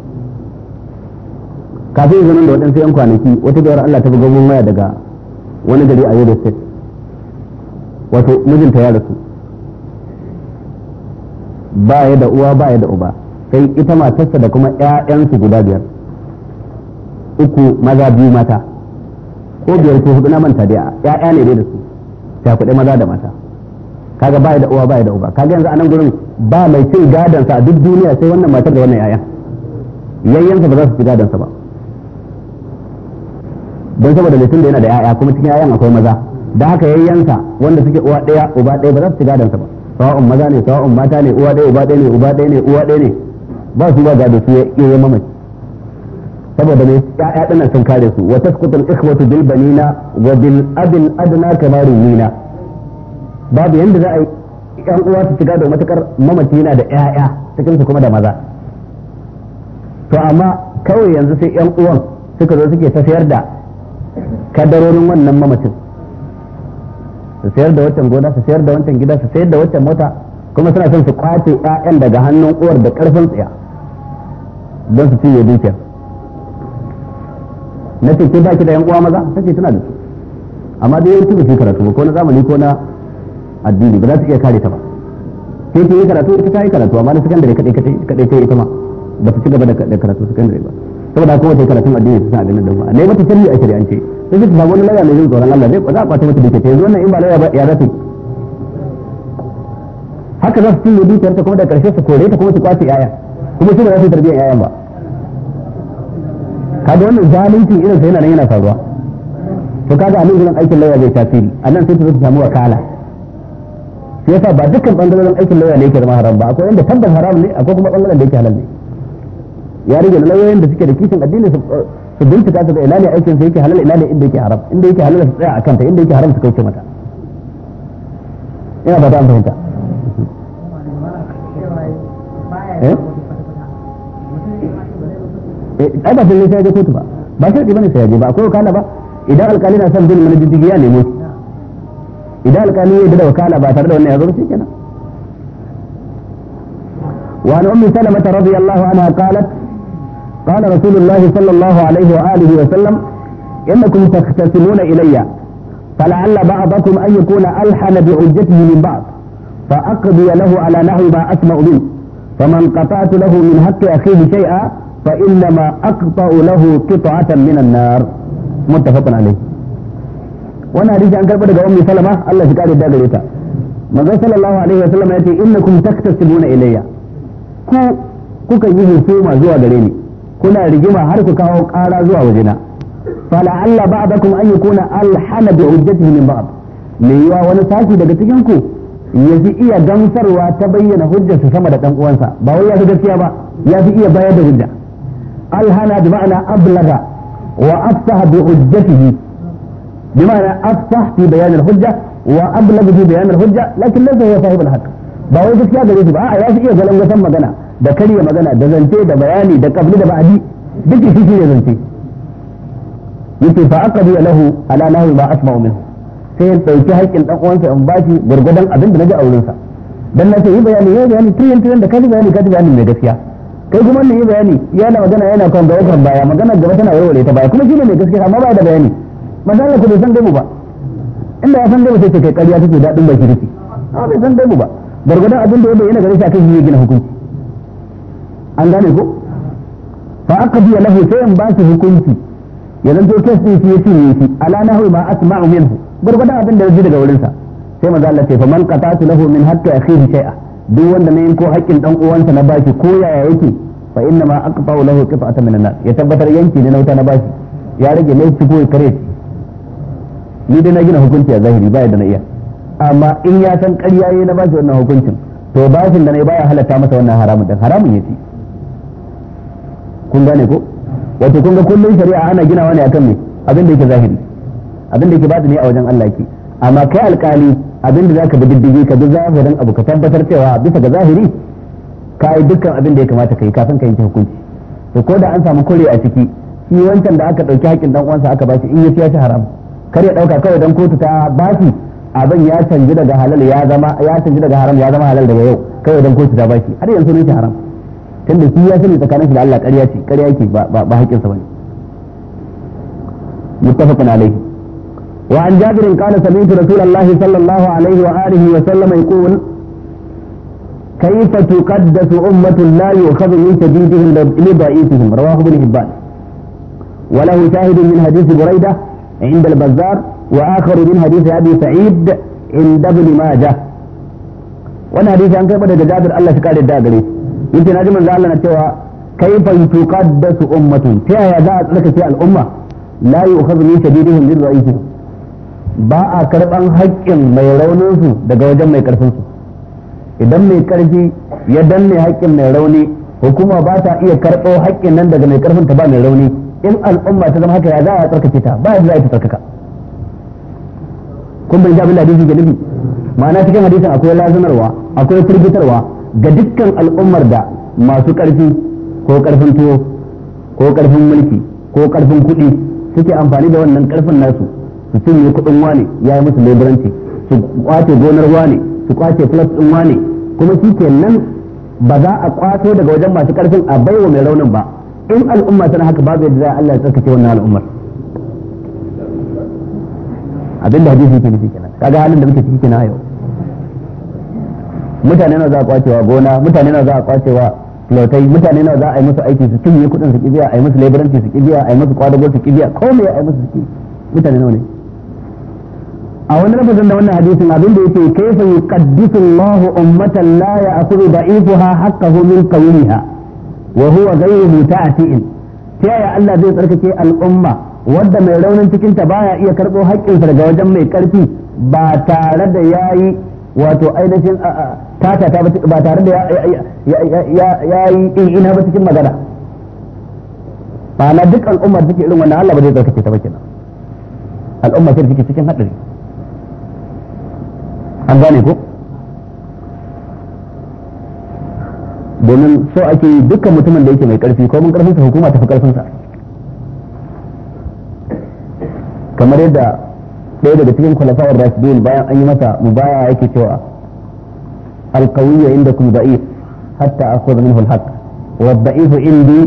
kafin zanen da waɗansu 'yan kwanaki wata gawar Allah ta buga mun waya daga wani gari a Yobe State wato mijinta ya rasu ba ya da uwa ba ya da uba sai ita matarsa da kuma 'ya'yansu guda biyar uku maza biyu mata ko biyar ko hudu na manta dai ya'ya ne dai da su ta kuɗi maza da mata kaga ba ya da uwa ba ya da uba kaga yanzu a nan gurin ba mai cin gadansa a duk duniya sai wannan matar da wannan 'ya'yan yayyansa ba za su ci gadansa ba don saboda mai tunda yana da yaya kuma cikin yayan akwai maza da haka yayyansa wanda suke uwa daya uba daya ba za su ci gadon sa ba sawa'un maza ne sawa'un mata ne uwa daya uba daya ne uba daya ne uwa daya ne ba su ba gado su yayi mamaci saboda mai yaya din sun kare su wa tasqutu ikhwatu bil banina wa bil abil adna kama ruwina babu yanda za a yi yan uwa su ci gado matukar mamaci yana da yaya cikin su kuma da maza to amma kawai yanzu sai yan uwan suka zo suke tafiyar da kadarorin wannan mamacin su sayar da wancan gona su sayar da wancan gida su sayar da wancan mota kuma suna son su kwace ya'yan daga hannun uwar da karfin tsaya don su cinye dukiyar na ce ke baki da yan uwa maza ta ce tana da su amma dai yawanci ba su karatu ko na zamani ko na addini ba za su iya kare ta ba sai ta yi karatu ita ta yi karatu amma na sakandare kadai kadai ta ita ma ba su ci gaba da karatu sakandare ba saboda haka karatun addini ta sa a ganin da ba ne mata shari'a a shari'ance sai duk ba wani laya mai jin tsoron Allah zai za a kwace mata dukiya yanzu wannan in ba laya ba ya zafi haka za su cinye dukiyar ta kuma da karshe su kore ta kuma su kwace yaya kuma su ba za su tarbiyyar yayan ba kaga wannan zalunci irin sai yana nan yana faruwa to kaga a nan gurin aikin laya zai tasiri a nan sai su su samu wakala shi yasa ba dukkan bangarorin aikin laya ne yake zama haram ba akwai wanda tabbas haram ne akwai kuma bangaren da yake halal ne ya rige lauyoyin da suke da kishin addini su binta ta ga ina ne aikin sa yake halal ina ne inda yake haram inda yake halal su tsaya a kanta inda yake haram su kauce mata ina ba ta fahimta eh ai ba sai sai ga kotu ba ba sai bane sai ya je ba akwai wakala ba idan alkali na son bin manajin digiya ne mu idan alkali ya da wakala ba tare da wannan ya zo shi kenan وعن أم سلمة رضي الله عنها قالت قال رسول الله صلى الله عليه وآله وسلم إنكم تختصمون إلي فلعل بعضكم أن يكون ألحن بعجته من بعض فأقضي له على نحو ما أسمع منه فمن قطعت له من حق أخيه شيئا فإنما أقطع له قطعة من النار متفق عليه وانا hadisi an karɓi daga ummi salama Allah shi kare dagare ta manzo sallallahu alaihi wasallam yace innakum taktasibuna ilayya ku kuka yi husuma zuwa gare ni kuna rigima har ku kawo ƙara zuwa wajena fala'alla ba'dakum an yakuna alhana bi hujjatihi min ba'd me yiwa wani sashi daga cikin ku ya fi iya gamsarwa ta bayyana hujjarsa sama da dan uwansa ba wai ya fi gaskiya ba ya fi iya bayar da hujja alhana bi ma'ana ablaga wa afsaha bi hujjatihi bi ma'ana afsah fi bayan al-hujja wa ablaga fi bayan al-hujja lakin laysa huwa sahib al-haqq ba wai gaskiya gare shi ba a'a ya fi iya galan gasan magana da karya magana da zance da bayani da kabli da ba'adi duk shi ne zance yace fa aqdi lahu ala nahwi ma asma'u minhu sai ya dauki haƙƙin dan uwansa in bashi gurgudan abin da naji a wurinsa dan nace yi bayani yi bayani tiyan tiyan da kai bayani kai bayani mai gaskiya kai kuma ne yi bayani yana magana yana kan ga wakan baya magana gaba tana yawale ta baya kuma shi ne mai gaskiya amma ba da bayani manzo ku bai san gaba ba inda ya san gaibu sai ce kai ƙarya take dadin baki take a bai san gaba ba gurgudan abin da ya bayyana gare shi akan yi gina hukunci an gane ko fa aka biya lahu sai in ba shi hukunci ya zanto kes din shi yace ne shi ala nahu ma asma'u minhu gurgurdan abin da yaji daga wurin sa sai manzo Allah ce fa man qata'tu lahu min haqqi akhihi shay'a duk wanda na ko haƙƙin dan uwansa na bashi ko yaya yake fa inna ma aqta'u lahu qita'atan min an ya tabbatar yanki ne na wuta na bashi ya rage laifi ko kare ni dai na gina hukunci a zahiri ba yadda na iya amma in ya san ƙarya yayi na bashi wannan hukuncin to bashin da na baya halatta masa wannan haramun dan haramun yace kun gane ko wato kun ga kullun shari'a ana ginawa ne akan me abin da yake zahiri abin da yake ne a wajen Allah yake amma kai alkali abin da zaka bi ka bi zahirin abu ka tabbatar cewa bisa ga zahiri ka yi dukkan abin da ya kamata kai kafin ka yanke hukunci to ko da an samu kore a ciki shi wancan da aka dauki hakkin dan uwansa aka bashi in ya ci haram kar ya dauka kawai dan kotu ta bashi abin ya canji daga halal ya zama ya canji daga haram ya zama halal daga yau kawai dan kotu ta bashi har yanzu ne haram tunda shi ya sani tsakanin shi da Allah ƙarya ce ƙarya yake ba ba hakin sa bane muttafaqun alaihi wa an jabir qala sami'tu rasulullahi sallallahu alaihi wa alihi wa sallam yaqul كيف تقدس أمة لا يؤخذ من شديدهم لضعيفهم رواه ابن حبان وله شاهد من حديث بريدة عند البزار وآخر من حديث أبي سعيد عند ابن ماجه وانا حديث عن كيف جابر الله شكال الداغري yace naji manzo Allah na cewa kaifa dasu ummatun ta yaya za a tsarkake al'umma la yu'khadhu min shadidihim lil ba a karban haƙƙin mai raunin daga wajen mai karfin idan mai karfi ya danne haƙƙin mai rauni hukuma ba ta iya karɓo haƙƙin nan daga mai karfin ta ba mai rauni in al'umma ta zama haka ya za a tsarkake ta ba za a ta tsarkaka kun bai ji abin da hadisi ke nufi ma'ana cikin hadisan akwai lazanarwa akwai firgitarwa ga dukkan al'ummar da masu ƙarfi ko ƙarfin tuwo ko ƙarfin mulki ko ƙarfin kuɗi suke amfani da wannan ƙarfin nasu su cinye kuɗin wane ya yi musu leburanci su kwace gonar wane su kwace plus ɗin wane kuma shi nan ba za a kwato daga wajen masu ƙarfin a baiwa mai raunin ba in al'umma tana haka babu yadda za Allah ya tsarkake wannan al'ummar abinda hadisi ke nufi kenan kaga halin da muke ciki kenan a yau mutane na za a kwacewa gona mutane na za a kwacewa flotai mutane na za a yi musu aiki su cinye kudin su kibiya a yi musu laboranci su kibiya a yi musu kwadago su kibiya ko me a yi musu su mutane nawa ne a wani lafazin da wannan hadisin abin da yake kaifa yuqaddisu Allahu ummatan la ya'khudhu da'ifuha haqqahu min qawliha wa huwa ghayru ta'atin ta ya Allah zai tsarkake al'umma wadda mai raunin cikin ta baya iya karbo haƙƙinsa daga wajen mai karfi ba tare da yayi wato ainihin tata ta ba tare da ya yi ina ba cikin magana ba na duk al'ummar suke irin wannan Allah ba zai zarkace ta ba kenan al'ummar sai suke cikin hadari an gane ko domin so ake yi dukkan mutumin da yake mai karfi ko mun karfin sa hukuma ta fi karfin sa kamar yadda ɗaya daga cikin kwalafawar rasidin bayan an yi masa mubaya yake cewa القوي عندكم ضعيف حتى أخذ منه الحق والضعيف عندي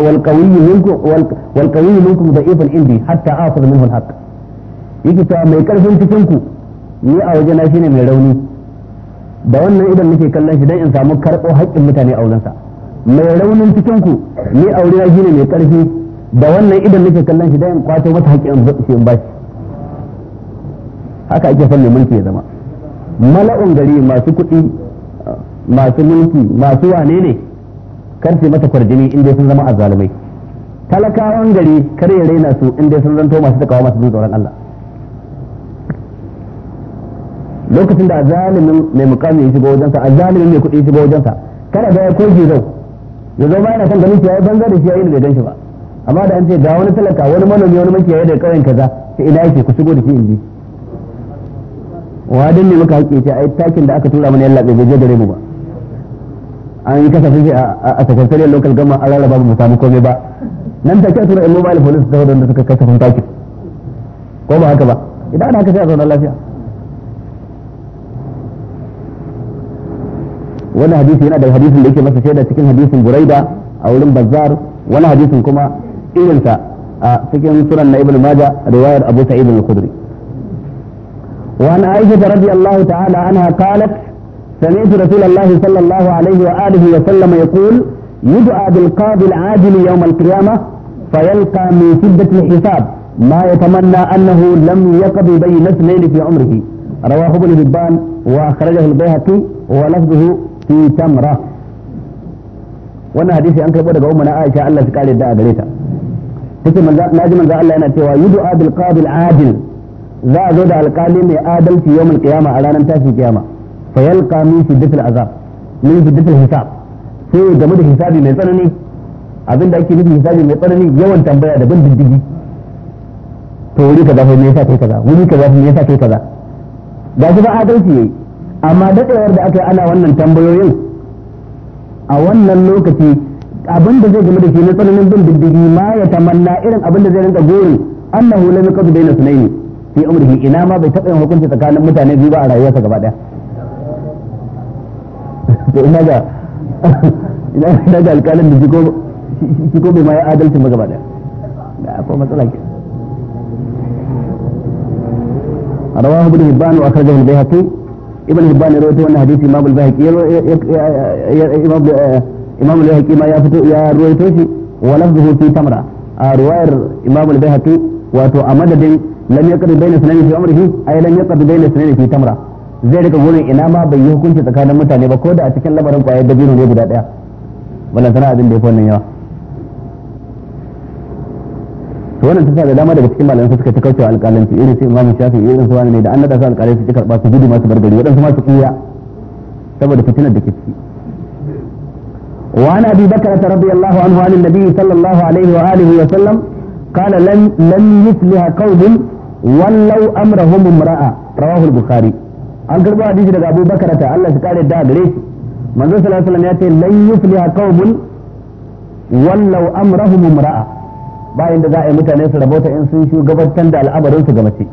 والقوي منكم والقوي منكم ضعيف عندي حتى أخذ منه الحق yake cewa mai karfin cikinku ni a waje na shine mai rauni da wannan idan nake kallon shi dan in samu karɓo haƙƙin mutane a wurinsa mai raunin ku ni a wurina shine mai ƙarfi da wannan idan nake kallon shi dan in kwato mata haƙƙin shi in bashi haka ake son mai mulki ya zama mala'un gari masu kuɗi masu mulki masu wane ne kar su masa kwarjini inda sun zama zalumai talakawan gari kar ya raina su inda sun zanto masu takawa masu jin tsoron Allah lokacin da azalimin mai mukami ya shiga wajensa azalimin mai kuɗi ya shiga wajensa kada da ya koji zau ya zo bayan kan ganin shi banza da shi yayi da ganshi ba amma da an ce ga wani talaka wani manomi wani makiyayi da kauyen kaza sai ina yake ku shigo da shi inji wa dan ne muka hakke ce ai takin da aka tura mana yalla bai je gare mu ba an yi kasafin shi a sakwatariyar local gama an rarraba mu samu komai ba nan take a tura in mobile police da wadanda suka kasafin takin ko ba haka ba idan ana haka sai a zauna lafiya wani hadisi yana da hadisin da yake masa shaida cikin hadisin buraida a wurin bazar wani hadisin kuma irinsa a cikin sunan na ibn majah riwayar abu sa'id al-khudri وعن عائشة رضي الله تعالى عنها قالت سمعت رسول الله صلى الله عليه وآله وسلم يقول يدعى بالقاضي العاجل يوم القيامة فيلقى من شدة الحساب ما يتمنى أنه لم يقضي بين اثنين في عمره رواه ابن حبان وأخرجه البيهقي ولفظه في تمرة wannan hadisi an karɓo daga umma na Aisha Allah shi kare da gare ta take manzo naji manzo Allah yana cewa adil za a zo da alkali mai adalci yawmul qiyama a ranar tashin kiyama fa yalqa min shiddatil azab min shiddatil hisab sai game da hisabi mai tsanani abin da ake nufi hisabi mai tsanani yawan tambaya da bin diddigi to wuri kaza fa me yasa kai kaza wuri kaza fa me yasa kai kaza ga shi ba adalci yayi amma dadewar da aka yi ana wannan tambayoyin a wannan lokaci abin da zai game da shi na tsananin bin diddigi ma ya tamanna irin abin da zai rinka gori annahu lam yaqdu baina sunaini fi umrihi ina ma bai taɓa yin hukunci tsakanin mutane biyu ba a rayuwarsa gaba ɗaya to ina ga ina ga alƙalin da shi ko bai ma ya adalci ma gaba ɗaya da akwai matsala ke a rawa ibn hibbanu a karjar bai haƙi ibn hibbanu ya rawata wannan hadisi imamul bai haƙi imamul bai haƙi ma ya fito ya rawaito shi wa lafzuhu fi tamra a ruwayar imamul bai haƙi wato a madadin lam yaqdi bayna sunan fi amrihi ay lam yaqdi bayna sunan fi tamra zai daga gurin ina ma bai yi hukunci tsakanin mutane ba ko da a cikin lamarin kwayar dabino ne guda daya wannan sana abin da yake wannan yawa to wannan tana da dama daga cikin malamai suka ta kaucewa alƙalanci irin su imamu shafi irin su wani ne da an nada su alƙalai su karba su gudu masu bargari waɗansu masu kuya saboda fitinar da ke ciki وعن ابي بكر رضي الله عنه عن النبي صلى الله عليه واله وسلم قال لن لن يفلح قوم ولو امرهم امراه رواه البخاري an karbo hadisi daga Abu Bakar ta Allah shi kare da gare shi manzon ya ce lan yufliha qaumun wallau amrahum bayan da za a yi mutane su rabota in sun shugabantar da al'amarin su ga mace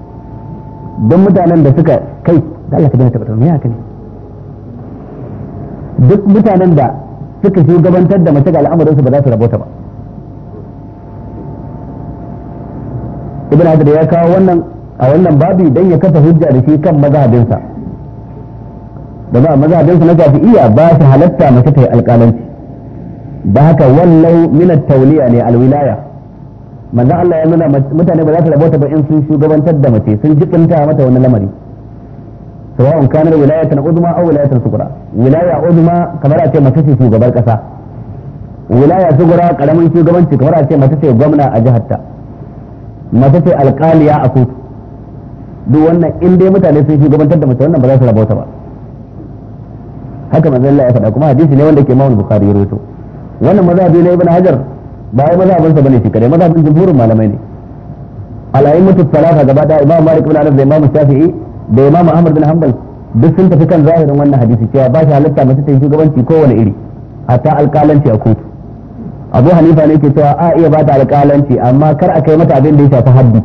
don mutanen da suka kai da Allah ta gane tabbatar me haka ne duk mutanen da suka shugabantar da mace ga al'amarin su ba za su rabota ba ibn hajar ya kawo wannan a wannan babi dan ya kafa hujja da shi kan mazhabin sa da ba mazhabin sa na shafi'iyya ba shi halatta mace ta yi alƙalanci ba haka wallau min at-tawliya ne al-wilaya manzo Allah ya nuna mutane ba za su rabota ba in sun shugabantar da mace sun jibinta mata wani lamari sawa'un kanar wilayatan uzma aw wilayatan sugra wilaya uzma kamar a ce mace ce shugabar kasa wilaya sugra karamin shugabanci kamar a ce mace ce gwamna a jihar ta mace ce alƙaliya a kotu duk wannan in dai mutane sun shugabantar da mace wannan ba za su rabauta ba haka manzo Allah ya faɗa kuma hadisi ne wanda ke Imam Bukhari ya rawaito wannan mazhabi na Ibn Hajar ba ai mazhabin sa bane shi kadai mazhabin jumhurin malamai ne alayin mutu salafa gaba da Imam Malik ibn Anas da Imam Shafi'i da Imam Ahmad bin Hanbal duk sun tafi kan zahirin wannan hadisi cewa ba shi halatta mace ta shugabanci kowane iri hatta alƙalanci a kotu abu hanifa ne ke cewa a iya bata alƙalanci amma kar a kai mata abin da ya shafi haddi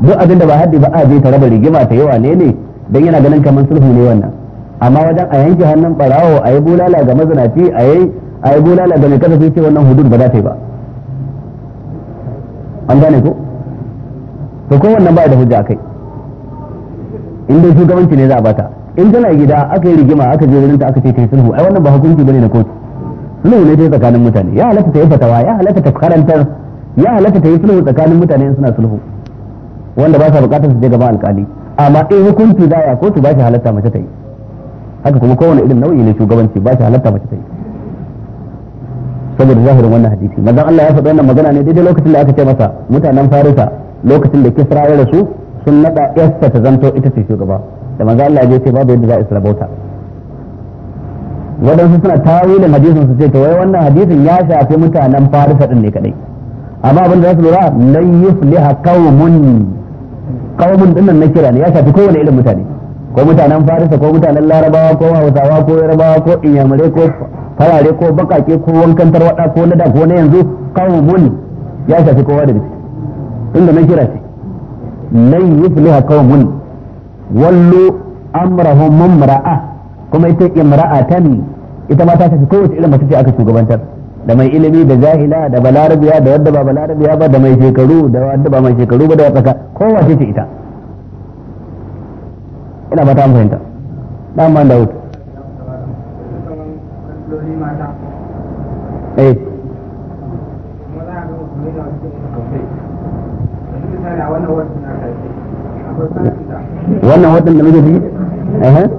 duk abin da ba haddi ba a je ta raba rigima ta yawa ne ne don yana ganin kamar sulhu ne wannan amma wajen a yanke hannun barawo a yi bulala ga mazinaci a yi a yi bulala ga mai kasafi ce wannan hudud ba za ta yi ba an gane ko to ko wannan ba da hujja kai in dai shugabanci ne za a bata in tana gida aka yi rigima aka je wurin ta aka ce ta yi sulhu ai wannan ba hukunci bane na kotu sulhu ne dai tsakanin mutane ya halatta ta yi fatawa ya halatta ta karantar ya halatta ta yi sulhu tsakanin mutane in suna sulhu wanda ba sa bukatar su je gaba alkali amma in hukunci za a kotu ba shi halatta mace ta yi haka kuma kowane irin nau'i ne shugabanci ba shi halatta mace ta yi saboda zahirin wannan hadisi manzon Allah ya faɗi wannan magana ne daidai lokacin da aka ce masa mutanen Farisa lokacin da Kisra ya rasu sun nada yarsa ta zanto ita ce shugaba da manzon Allah ya ce babu yadda za a isra bauta waɗansu suna tawilin hadisin su ce ta wai wannan hadisin ya shafi mutanen farisa din ne kadai amma abin da za su lura lan yufliha qaumun qaumun din nan na kira ne ya shafi kowane irin mutane ko mutanen farisa ko mutanen larabawa ko hausawa ko yarbawa ko inyamurai ko farare ko bakake ko wankan tarwada ko na da ko na yanzu qaumun ya shafi kowa da biki inda na kira ce lan yufliha qaumun wallu amrahum mamra'a kuma ita imra'atan ita ma ta tafi kowace irin mace ce aka shugabantar da mai ilimi da jahila da balarabiya da wadda ba balarabiya ba da mai shekaru da wadda ba mai shekaru ba da tsaka kowace ce ita ina ba ta fahimta dan man daud eh. wannan da muke ciki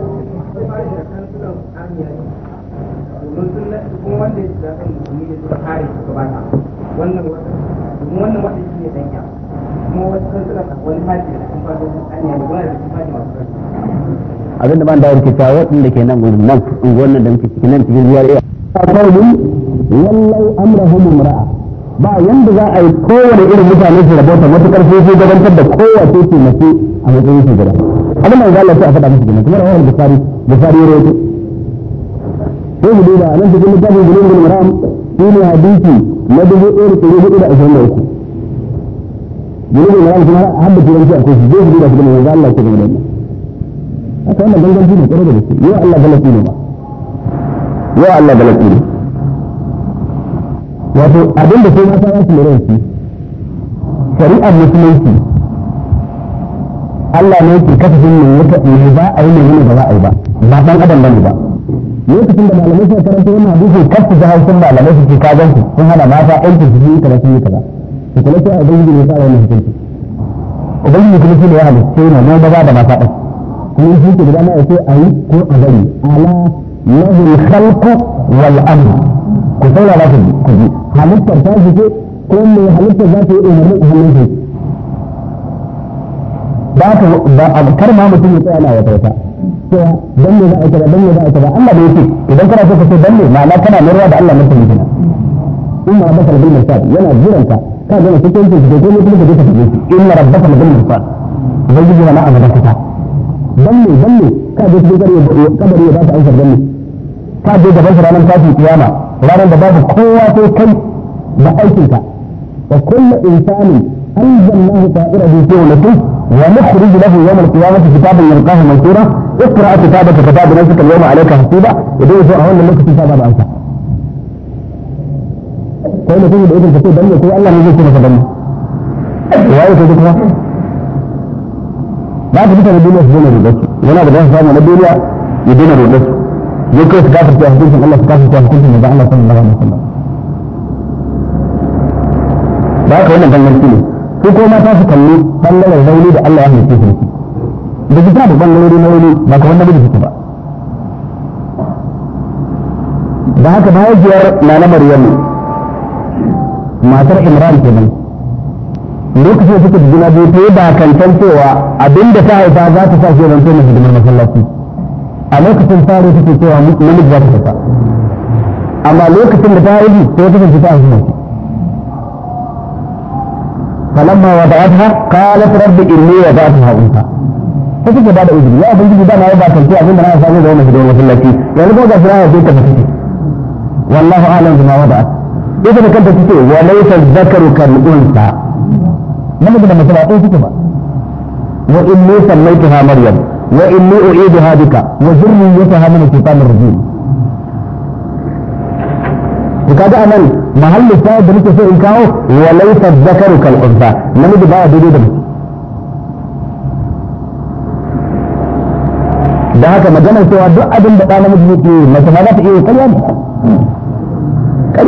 wanda ya shiga kan da suka kare wannan wata shi kuma wasu da da ke nan gurin nan unguwannan da muke cikin nan cikin zuwa iya kawai amrahum imra'a ba yanda za a yi kowane irin mutane su ta matukar sai su gabatar da kowace ce mace a matsayin shugaba abin da za a faɗa musu kenan kuma rawar bukari bukari ya rawaito sai mu duba nan cikin littafin bulugul maram shine hadisi na dubu ɗaya da ɗari hudu da ashirin da uku bulugul maram kuma har da turanci a kusa zai duba cikin manzo Allah ke gaba da haka wannan ganganci ne kwarai da gaske yau Allah galaki ne ba yau Allah galaki ne wato abin da sai mata za su lura da shi shari'ar musulunci Allah ne ke kasafin ne za a yi mai ba za a yi ba ba ɗan adam bane ba lokacin da malamai suka karanta wannan hadisi kar su hausun malamai su ce ka su sun hana mata aiki su yi kaza sun yi kaza to kuma sai ubangiji yi ya wani wannan hukunci ubangiji kuma shi ne ya halitta ne na maza da mata ɗan kuma shi ke gudanar da sai a yi ko a bari ala lahul khalqu wal amr ku ba ku ji halittar ta shi ce ko me halittar za ta yi umarni hannun shi ba ka a karma mutum ya tsaya na wata wata cewa dan ne za a kaza dan ne za a kaza Allah da yake idan kana so ka ce dan ne ma'ana kana narwa da Allah mutum ne inna rabbaka bil mirsad yana jiranka ka ga ne cikin su da dole kuma da kake ji inna rabbaka bil mirsad ubangiji yana a madaka ta dan ne dan ne ka ga duk gare kabari ya ba ta ansar dan ne ka ga gaban ranar kafin kiyama ranar da babu kowa sai kai da aikinka wa kullu insanin anzalnahu ta'ira bi sawlatihi ونخرج له يوم القيامة كتابا يلقاه منصورا اقرأ كتابك كتاب نفسك اليوم عليك حسيبا يدعو سوء هون لك كتابا بأنسى كل شيء بإذن تقول بني يقول الله من بني فبني وأي تذكرى بعد كده الدنيا في دنيا ربك وانا بدأت فاهم ان الدنيا يدينا ربك يكون تكافر تهديكم الله تكافر تهديكم وضع الله صلى الله عليه وسلم ذاك هو اللي كان ko ko mata su kalli bangaren rauni da Allah ya halitta su da su da bangarori na rauni ba kamar namiji suke ba da haka mahaifiyar na na maryamu matar imran kenan lokacin da suka jina biyu ta yi bakantan cewa abinda ta haifa za ta sa shi rantar na hidimar masallaci a lokacin fara take cewa namiji za ta fita amma lokacin da ta haifi sai ta fita ta zuwa فلما وضعتها قالت رب إني وضعتها أنثى فكيف بعد إذن يا أبن جدي دام أبا تنتي أبن أنا أسامي دوما في دوما في التي يعني بوضع فراها في تفتي والله أعلم بما وضعت إذا كنت تفتي وليس الذكر كالأنثى ما نقول لما تبع أنثى تبع وإني سميتها مريم وإني أعيدها بك وذريتها من الشيطان الرجيم to kaga anan mahallu sa da nake so in kawo wa laysa dhakaru kal unsa namiji baya daidai da mace da haka maganar cewa duk abin da ɗan namiji yake yi mace ma za ta iya yi ƙarya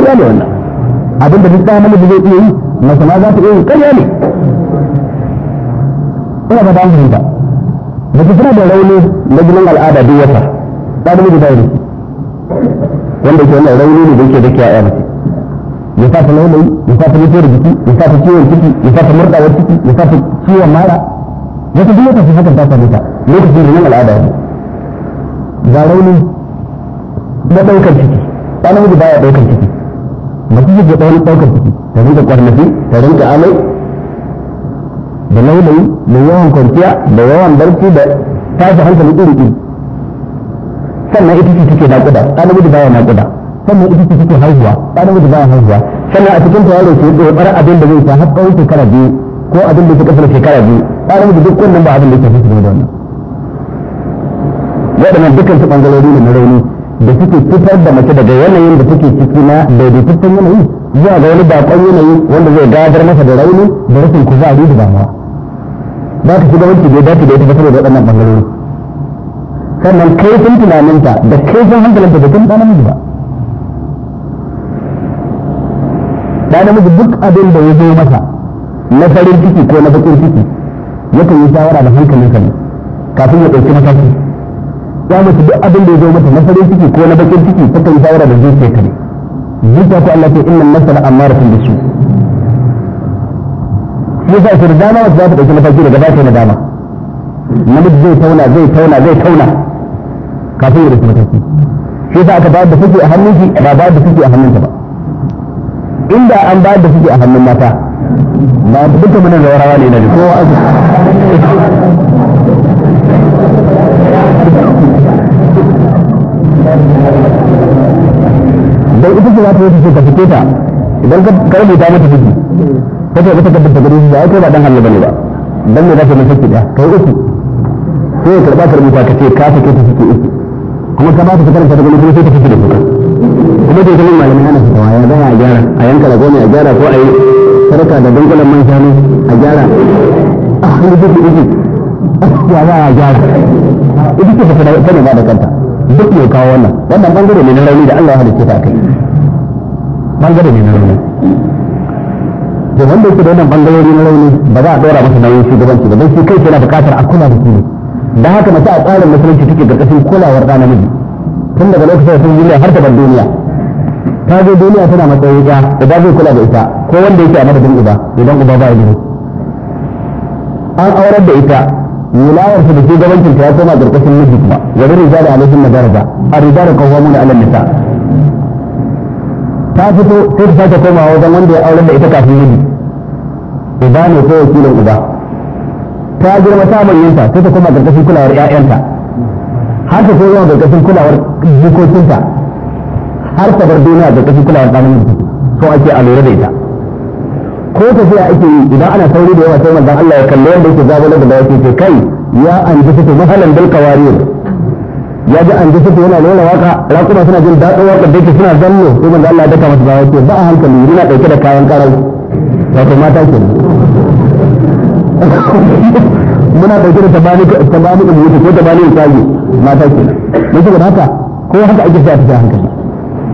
ne ƙarya ne wannan abin da duk ɗan namiji zai iya yi mace ma za ta iya yi ƙarya ne ina ba da hankali ba mace tana da rauni na jinin al'ada duk wata ɗan namiji bai da shi wanda ke wannan rauni ne da yake da kyaya mace ya sa ta laulayi ya sa ta mutuwar jiki ya sa ta ciwon ciki ya sa ta murɗawar ciki ya sa ta ciwon mara wata duk lokacin hakan ta same ta lokacin da nan al'ada ne ga rauni na ɗaukar ciki ɗan namiji baya ɗaukar ciki mace ce ke ɗaukar ciki ta rinka kwarnafi ta rinka amai da laulayi da yawan kwanciya da yawan barci da tashi hankali iri iri sannan ita ce take naƙuda ɗan namiji baya naƙuda sannan ita ce take haihuwa ɗan namiji baya haihuwa sannan a cikin ta yaro ke tsotsar abin da zai sa har tsawon shekara biyu ko abin da ke kasar shekara biyu ɗan namiji duk wannan ba abin da ke fi da wannan waɗannan dukkan su ɓangarori ne na rauni da suke fitar da mace daga yanayin da take ciki na daidaitaccen yanayi zuwa ga wani baƙon yanayi wanda zai gadar masa da rauni da rashin kuzari da damuwa ba ka shiga wanci bai dace da ita ba saboda waɗannan ɓangarori sannan kaifin tunaninta da kaifin hankalinta da kan ɗan ba ɗan namiji duk abin da ya zo masa na farin ciki ko na bakin ciki yakan yi shawara da hankalinsa ne kafin ya ɗauki mataki ya mutu duk abin da ya zo mata na farin ciki ko na bakin ciki takan yi shawara da zuciyarta ne zuciya ta Allah ce innan nasa da amma tun da su shi yasa shi da dama wasu za ta ɗauki mataki daga ba ta na dama namiji zai tauna zai tauna zai tauna kafin yadda rufe mataki shi sa aka bayar da suke a hannun shi ba bayar da suke a hannun ta ba inda an bayar da suke a hannun mata ba duka mana warawa ne na da kowa a dan ita ce za ta yi ka ce ta idan ka karbe ta mata fuki ka ce ta tabbata ta shi ba kai ba dan Allah bane ba dan ne za ta mace ki da kai uku sai ka karba ta ka ce ka fike ta fike uku kuma ka ba ta karanta ta sai ta fice da kuka kuma da zama malamai ana fitawa ya a gyara a yanka da a gyara ko a yi sarka da dunkulan man shanu a gyara a hannu duk uku ya a gyara ita ce ta da ba da kanta duk mai kawo wannan wannan bangare ne na rauni da Allah ya halitta ta kai bangare ne na rauni to wanda yake da wannan bangarori na rauni ba za a dora masa nauyin shugabanci ba don shi kai yana bukatar a kula da shi ne da haka mace a tsarin musulunci take karkashin kulawar ɗa namiji tun daga lokacin sun duniya har ta bar duniya ta zo duniya tana matsayin ya uba zai kula da ita ko wanda yake a madadin uba idan uba ba ya an aurar da ita wilayar ta da ke gabancin ta ya koma karkashin miji kuma riga da rijal ba a riga da qawwamuna 'ala an-nisa ta fito sai ta sake komawa wajen wanda ya aurar da ita kafin miji uba ne ko wakilin uba ta girma ta manyanta sai ta koma gargashin kulawar ƴaƴanta har ta koma gargashin kulawar jikokinta har ta bar duniya gargashin kulawar ɗanin jiki ko ake a lura da ita ko sai ake yi idan ana sauri da yawa sai manzon Allah ya kalle wanda yake zabo da yake ce kai ya an ji fito mahalan dal qawarir ya ji an ji fito yana lola waka rakuma suna jin dadin waka da yake suna zanno sai manzon Allah ya daka masa bawa ce ba a hankali yana dauke da kayan karau wato mata kenan muna dauke da tabani tabani da mutu ko tabani da sabi mata ke mun saboda haka ko haka ake sa ta hankali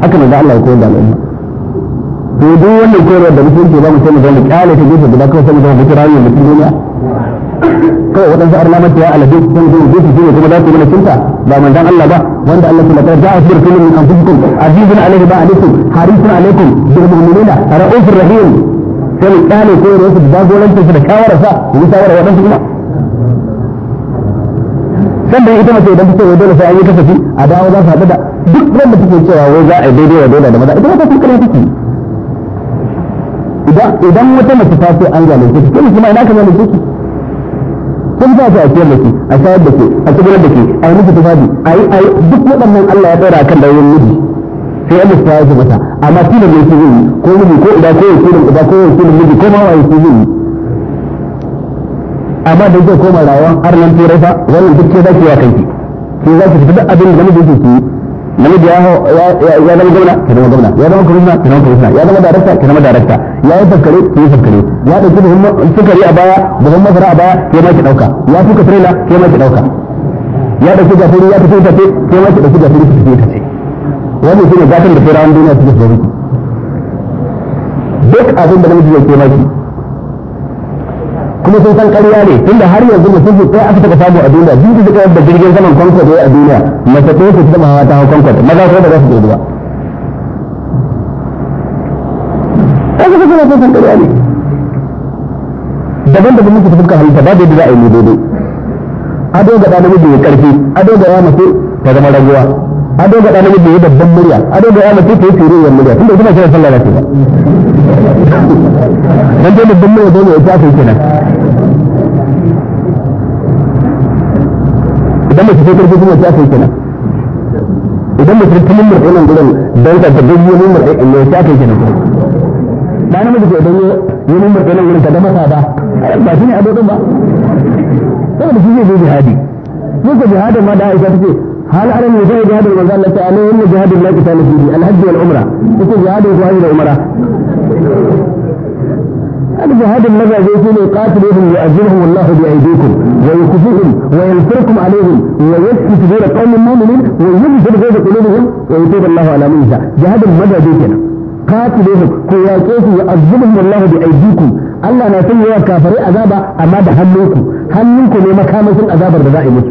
haka ne da Allah ya koyar da al'umma to duk wannan koyarwa da musulunci ba mu sai mu zama kyale ta gefe guda kawai sai mu zama ne mutum duniya kawai waɗansu arlamata ya alabe sun zo gefe shi ne kuma za su yi cinta ba manzan Allah ba wanda Allah kuma ta a shirku min anfusikum azizun alaihi ba alaikum harisun alaikum bil mu'minina ra'ufur rahim sai mu kyale koyarwar su da jagorancin su da shawarar sa mu yi shawarar waɗansu kuma sannan ita mace idan take wai dole sai an yi kasafi a dawo za su haɗu da duk ran da take cewa wai za a yi daidai wa dole da maza ita mata sun kare take idan idan wata mace ta ce an zalunce ta kuma kuma ina ka zalunce ki kun za ta ake maki a shayar da ke a tsibirar da ke a yi miki tufafi a yi duk waɗannan Allah ya tsara kan daurin miji sai Allah ya yi mata amma tilan ne zai yi ko miji ko ida ko ko ko ma yi amma da zai koma turai fa wannan duk ke zaki ya ke zaki duk abin da namiji yake namiji ya ya zama gwamna zama gwamna ya zama zama ya zama darakta zama darakta ya yi yi ya a baya masara a baya ke ma ki ya trailer ke ma ki ya ya ke ma ki ki wani shi ne gatan da firawan duniya suke so miki duk abin da namiji yake maki kuma sun san ƙarya ne tunda har yanzu mutum su ɗaya aka taɓa samu a duniya duk da suka yadda jirgin saman kwankwat a duniya mace ko su taɓa hawa ta hau kwankwat maza ko ba za su ɗaya ba. Kasu kasu sun san ƙarya ne. Daban daban muka fuska halitta ba da yadda za a yi daidai. Ado ga ɗan namiji mai ƙarfi, ado ga ya mace ta zama raguwa. an doga ɗan namiji yi babban murya an doga ya ce ta yi firiyar murya tun da kuma kira sallah za ta yi dan babban murya dole ya tafi kenan idan mace ta karfi kuma ta kenan idan mace ta mun murɗe nan ta dabbi yi mun murɗe in ya ta kai ba na mace yi murɗe nan ta dafa ba ba shine abokin ba saboda shi zai je jihadi ko ka jihadin ma da Aisha tace هل أنا مجاهد جهاد المنزل التي عليه إن جهاد الله قتال فيه الحج والعمرة مثل جهاد وجهاد العمرة جهاد الذي يقول يقاتلهم ويعزلهم الله بأيديكم ويكفيهم وينصركم عليهم ويسفي صدور قوم المؤمنين ويبشر غير قلوبهم ويتوب الله على من جهاد المدى بيتنا قاتلهم كواكيهم يعزلهم الله بأيديكم الله لا يسمي كافرين عذابا أما بهنوكم هنوكم ومكامكم عذابا بذائمكم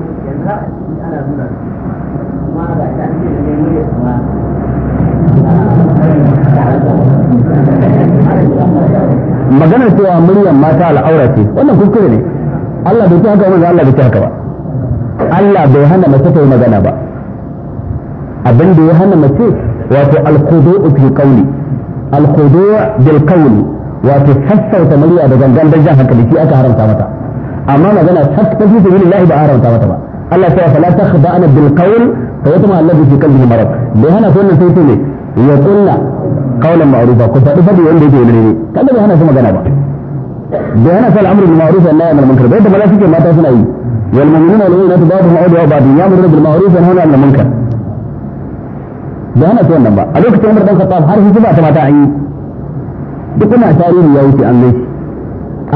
cewa muryan mata al'aura ce wannan kuskure ne Allah bai ce haka ba Allah bai ce haka ba Allah bai hana mace ta yi magana ba abin da ya hana mace wato al-khudu'u fi qawli al-khudu' bil qawli wato sassauta murya da gangan dan jan hankali shi aka haramta mata amma magana sakta fi sabilillah ba haramta mata ba Allah ya fala takhda'na bil qawl fa yatma alladhi fi qalbihi marad bai hana wannan sai ce ne ya qulna qawlan ma'rufa ku faɗi faɗi wanda yake ne kada bai hana su magana ba da yana sal amru bil ma'ruf wa nahy anil munkar da maza suke mata suna yi wal mu'minuna la yu'minu ba'dhum awliya ba'd ya'muru bil ma'ruf wa nahy anil munkar da yana so wannan ba a lokacin Umar dan Khattab har hijaba ta mata an yi duk kuma tarihi ya wuce an gaishe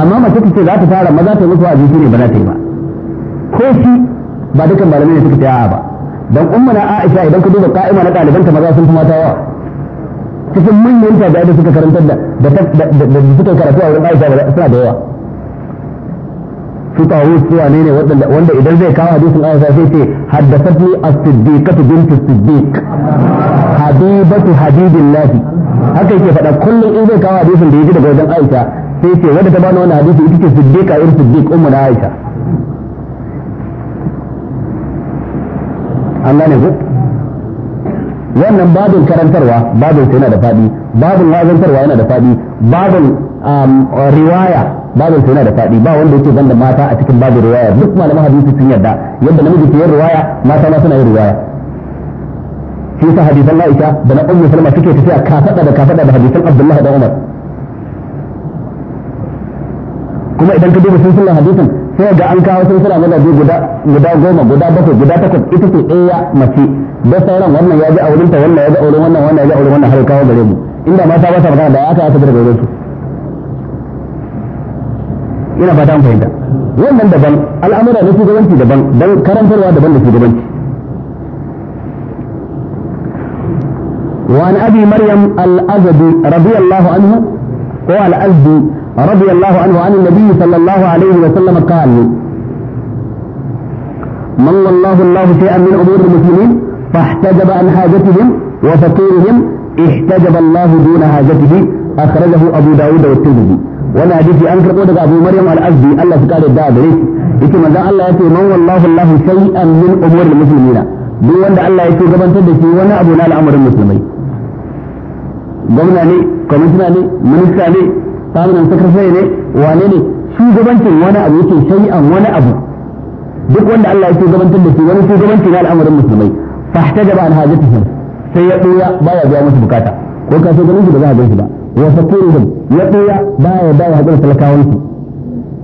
amma mace ta ce za ta fara maza ta mutu a jiki ne ba za ta yi ba ko shi ba dukan malamai ne suka ta ba dan ummu na Aisha idan ka duba ka'ima na ɗalibanta maza sun fi mata yawa cikin manyan tabi'ai da suka karantar da da suka karatu a wurin Aisha ba suna da yawa su ta su wane ne wanda idan zai kawo hadisin Aisha sai ce haddathatni as-siddiqatu bint as-siddiq habibatu habibillah haka yake faɗa kullum in zai kawo hadisin da yaji daga wajen Aisha sai ce wanda ta bani wannan hadisi ita ce siddiqa ir siddiq ummu na Aisha an gane ku wannan babin karantarwa babin yana da fadi babin wazantarwa yana da fadi babin um, riwaya babin yana da fadi ba wanda yake banda mata a cikin babin riwaya duk malaman hadisi sun yarda yadda namiji ke yin riwaya mata ma suna yin riwaya shi sa hadisan Aisha da na Ummu Salma suke tafiya kafada da kafada da hadisan Abdullahi da Umar kuma idan ka duba sun sunan hadisin sai ga an kawo sun suna mazaje guda goma guda bakwai guda takwas ita ce ɗaya mace da sauran wannan ya ji a wurinta wannan ya ji a wannan wannan ya ji a wurin wannan har kawo gare mu inda ma ta sa magana da ya aka aka daga su ina fata an fahimta wannan daban al'amura na shugabanci daban don karantarwa daban da shugabanci وعن ابي مريم الازدي رضي الله عنه هو الازدي رضي الله عنه عن النبي صلى الله عليه وسلم قال من والله الله شيئا من أمور المسلمين فاحتجب عن حاجتهم وفقيرهم احتجب الله دون حاجته أخرجه أبو داود والترمذي وانا حديث أن كربو أبو مريم الأزدي الله سكال الدعاء بريس يتي ماذا الله يتي من والله الله شيئا من أمور المسلمين duk wanda Allah ya ce gabatar da shi wani abu na al'amarin musulmai gwamna ne kwamishina ne minista ne samun sakatare ne wane ne shugabancin wani abu yake shay'an wani abu duk wanda Allah ya shugabantar da shi wani shugabanci na al'amarin musulmai fahtajaba an hajatihim sai ya doya baya biya musu bukata ko ka so ganin shi ba za ka gan shi ba wa fakiruhum ya doya baya baya hakuri talakawan su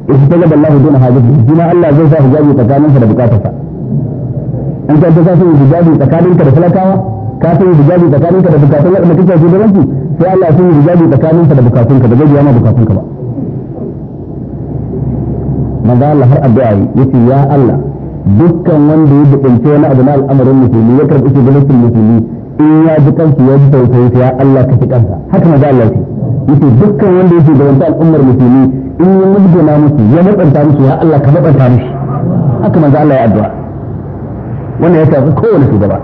ta ihtajaba Allah duna shi kuma Allah zai sa hijabi tsakaninsa da bukatarsa an ka ta sa hijabi tsakaninka da talakawa ka san hijabi tsakaninka da bukatun da kake shugabanci sai Allah sun yi hijabi tsakanin ka da bukatun ka da zai biya ma bukatun ka ba manzo Allah har addu'a yace ya Allah dukkan wanda ya dubance wani abu na al'amarin musulmi ya karbi shi gurbin musulmi in ya ji kansu ya ji tausayi ya Allah ka fi kansa haka manzo Allah ce yace dukkan wanda ya shugabanta al'ummar musulmi in ya mudgana musu ya mabanta musu ya Allah ka mabanta musu haka manzo Allah ya addu'a wannan ya shafi kowane shugaba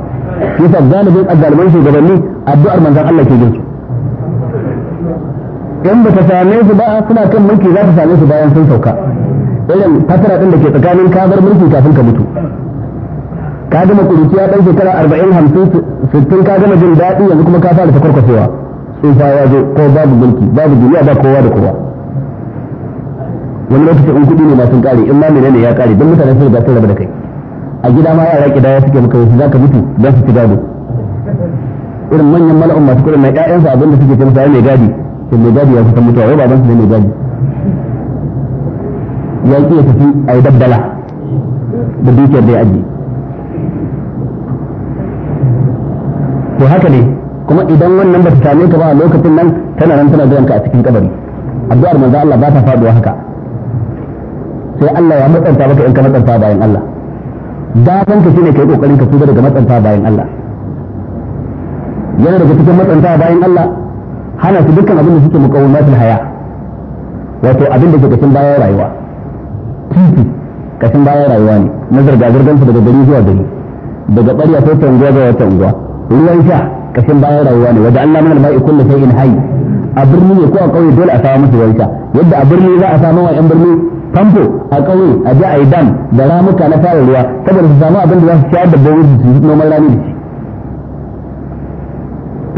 yasa galibin a galibin shugabanni addu'ar manzon Allah ke jinsu in ba ta same su ba suna kan mulki za ta same su bayan sun sauka irin fatara din da ke tsakanin ka bar mulki kafin ka mutu ka gama kuruciya dan shekara arba'in hamsin sittin ka gama jin daɗi yanzu kuma ka fara ta cewa sun ya zo ko babu mulki babu duniya ba kowa da kowa wani lokaci in kuɗi ne ma sun ƙare in ma menene ya ƙare don mutane sun riga sun da kai a gida ma yara ƙidaya suke maka wasu za ka mutu don su ci gado irin manyan mala'un masu kudin na ƴaƴansa abinda suke ce masa mai gadi sai mai gadi ya kusa mutuwa wai baban ne mai gadi ya ki ya tafi a yi dabbala da dukiyar da ya ajiye to haka ne kuma idan wannan ba ta same ka ba a lokacin nan tana nan tana jiran ka a cikin kabari addu'ar manzo Allah ba ta faduwa haka sai Allah ya matsanta maka in ka matsanta bayan Allah da ka shine kai kokarin ka tuba daga matsanta bayan Allah yana daga cikin matsanta bayan Allah hana su dukkan abin da suke muqawmatul haya wato abin da ke kashin bayan rayuwa titi kashin bayan rayuwa ne na zirga zirgansu daga gari zuwa gari daga ƙwarya sai ta unguwa zuwa ta unguwa ruwan sha kashin bayan rayuwa ne wajen Allah minal ma'i kullu in hayy a birni ne ko a ƙauye dole a samu musu wanka yadda a birni za a samu wa 'yan birni famfo a ƙauye a ji a yi dam da ramuka na fara ruwa saboda su samu abin da za su shayar da bawo su noman rani da shi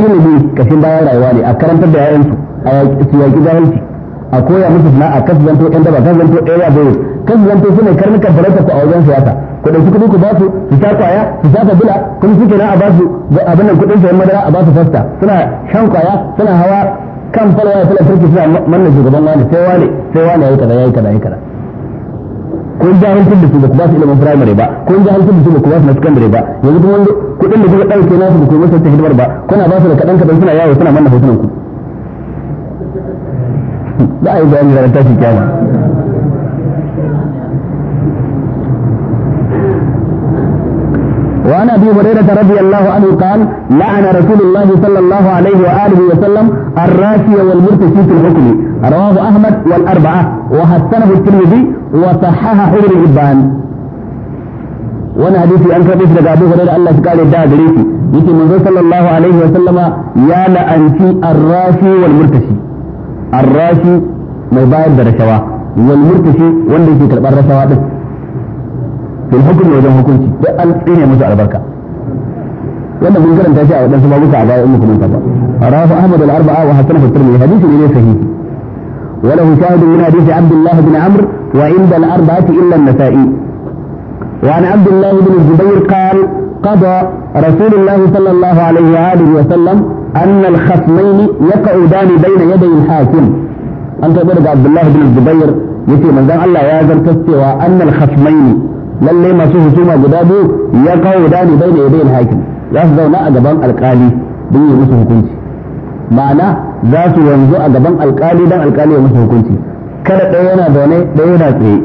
ilimi kashin bayan rayuwa ne a karantar da yayansu a yaki zahilci a koya musu sana'a kasu zanto ɗan daba kasu zanto ɗaya ya bayo kasu zanto su ne karnukan farauta ku a wajen siyasa ku ɗauki kuɗi ku ba su su sha kwaya su sha fabila kuma suke na a ba su abin nan kuɗin sayan madara a ba su fasta suna shan kwaya suna hawa kan falwa ya tala suna manna shugaban wani sai wani sai wani ya yi kaza ya yi kaza ya yi kaza kun jahilcin da su ba ku ba su ilimin firamare ba kun jahilcin da su ba ku ba su na sakandare ba yanzu kuma kuɗin da kuka ɗauke nasu ba ku musu ta hidimar ba kuna ba su da kaɗan kaɗan suna yawo suna manna hotunan ku za a yi bayani ranar tashi kyama وعن ابي هريره رضي الله عنه قال لعن رسول الله صلى الله عليه واله وسلم الراشي والمرتشي في الحكم رواه احمد والاربعه وحسنه الترمذي وصححه ابن حبان وانا حديثي انكر بيش لك ابو هريره الله سكالي دا غريتي يتي منذ صلى الله عليه وسلم يا لأنتي الراشي والمرتشي الراشي ما يبايد برشواه والمرتشي وانا يتي كربار رشواه في الحكم وجه حكمتي ده الصين يا مسعى البركه wannan mun karanta shi a wadansu babuka a baya in muku manta ba rawahu ahmad al-arba'a wa hasan fi tirmidhi hadithu ne sahihi وله شاهد من حديث عبد الله بن عمرو وعند الأربعة إلا النسائي وعن عبد الله بن الزبير قال قضى رسول الله صلى الله عليه وآله وسلم أن الخصمين يقعدان بين يدي الحاكم أنت تقول عبد الله بن الزبير يتي من ذا الله يا ذا أن الخصمين lalle masu husuma guda biyu ya kawo dani bai da yadayin hakim za su zauna a gaban alkali don yi musu hukunci ma'ana za su yanzu a gaban alkali dan alkali ya musu hukunci kada ɗaya yana zaune ɗaya yana tsaye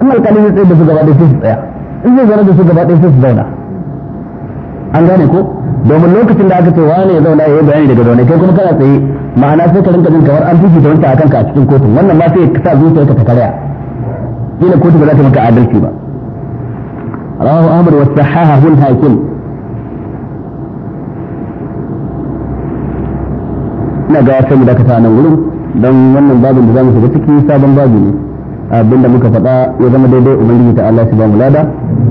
in alkali zai tsaye da su gaba ɗaya sai su tsaya in zai zaune da su gaba ɗaya sai su zauna an gane ko domin lokacin da aka ce wane ya zauna ya bayani daga zaune kai kuma kana tsaye ma'ana sai ka rinka jin kamar an fushi da wanta a ka a cikin kotun wannan ma sai ka sa zuciyarka ta karya kila kotu ba za ta maka adalci ba rawahu ahmad wa sahahahu al-hakim ina ga sai mu dakata nan wurin don wannan babin da zamu shiga ciki sabon babu ne abinda muka faɗa ya zama daidai ubangiji ta Allah shi ba mu lada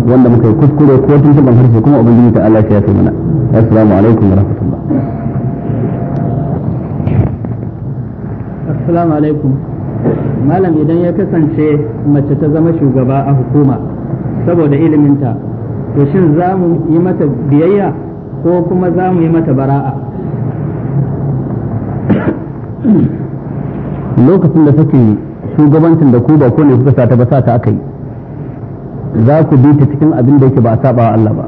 wanda muka yi kuskure ko tun tuntuban harshe kuma ubangiji ta Allah shi ya kai mana assalamu alaikum wa rahmatullah assalamu alaikum malam idan ya kasance mace ta zama shugaba a hukuma saboda iliminta to shin za mu yi mata biyayya ko kuma za mu yi mata bara'a lokacin da suke shugabancin da ku ba ko ne suka sa ta ba sa ta aka yi za ku bi ta cikin abin da yake ba a saba wa Allah ba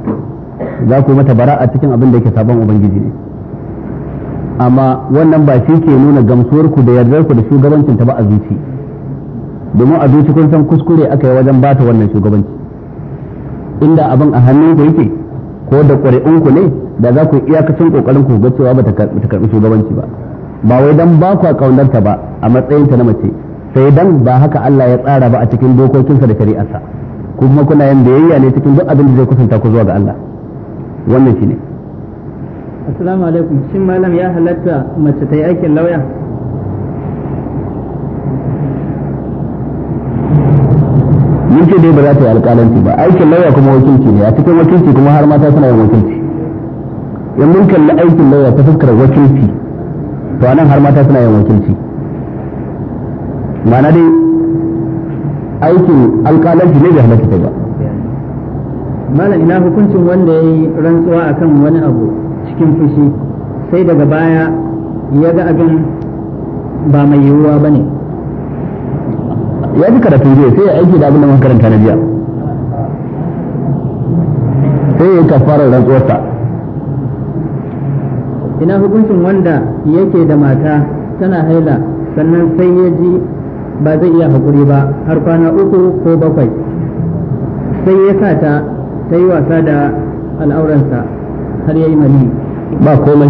za ku mata bara a cikin abin da yake saban ubangiji ne amma wannan ba shi ke nuna gamsuwar ku da yardar ku da shugabancin ta ba a zuci domin a zuci kun san kuskure aka yi wajen bata wannan shugabanci inda abin a hannun ku yake ko da ƙuri'un ku ne da za ku iyakacin kokarin ku ga cewa ba ta karɓi shugabanci ba ba wai dan ba kwa kaunarta ba a matsayinta na mace sai dan ba haka Allah ya tsara ba a cikin dokokinsa da shari'arsa kuma kuna yin biyayya ne cikin duk abin da zai kusanta ku zuwa ga Allah wannan shine assalamu alaikum shin malam ya halatta mace ta yi aikin lauya mun ce dai ba za ta yi alƙalanci ba aikin lauya kuma wakilci ne a cikin wakilci kuma har mata suna yin wakilci in mun kalli aikin lauya ta fuskar wakilci to anan har mata suna yin wakilci ma'ana dai aikin alƙalanci ne bai halatta ta ba malam ina hukuncin wanda ya yi rantsuwa akan wani abu cikin fushi sai daga baya ya ga abin ba mai yiwuwa ba ne ya ji karatun jiya sai ya aiki da abin da makaranta na biya sai ya yi kafarar rantsuwarsa ina hukuncin wanda yake da mata tana haila sannan sai ya ji ba zai iya haƙuri ba har kwana uku ko bakwai sai ya sa ta ta yi wasa da al'auransa har ya yi mani ba komai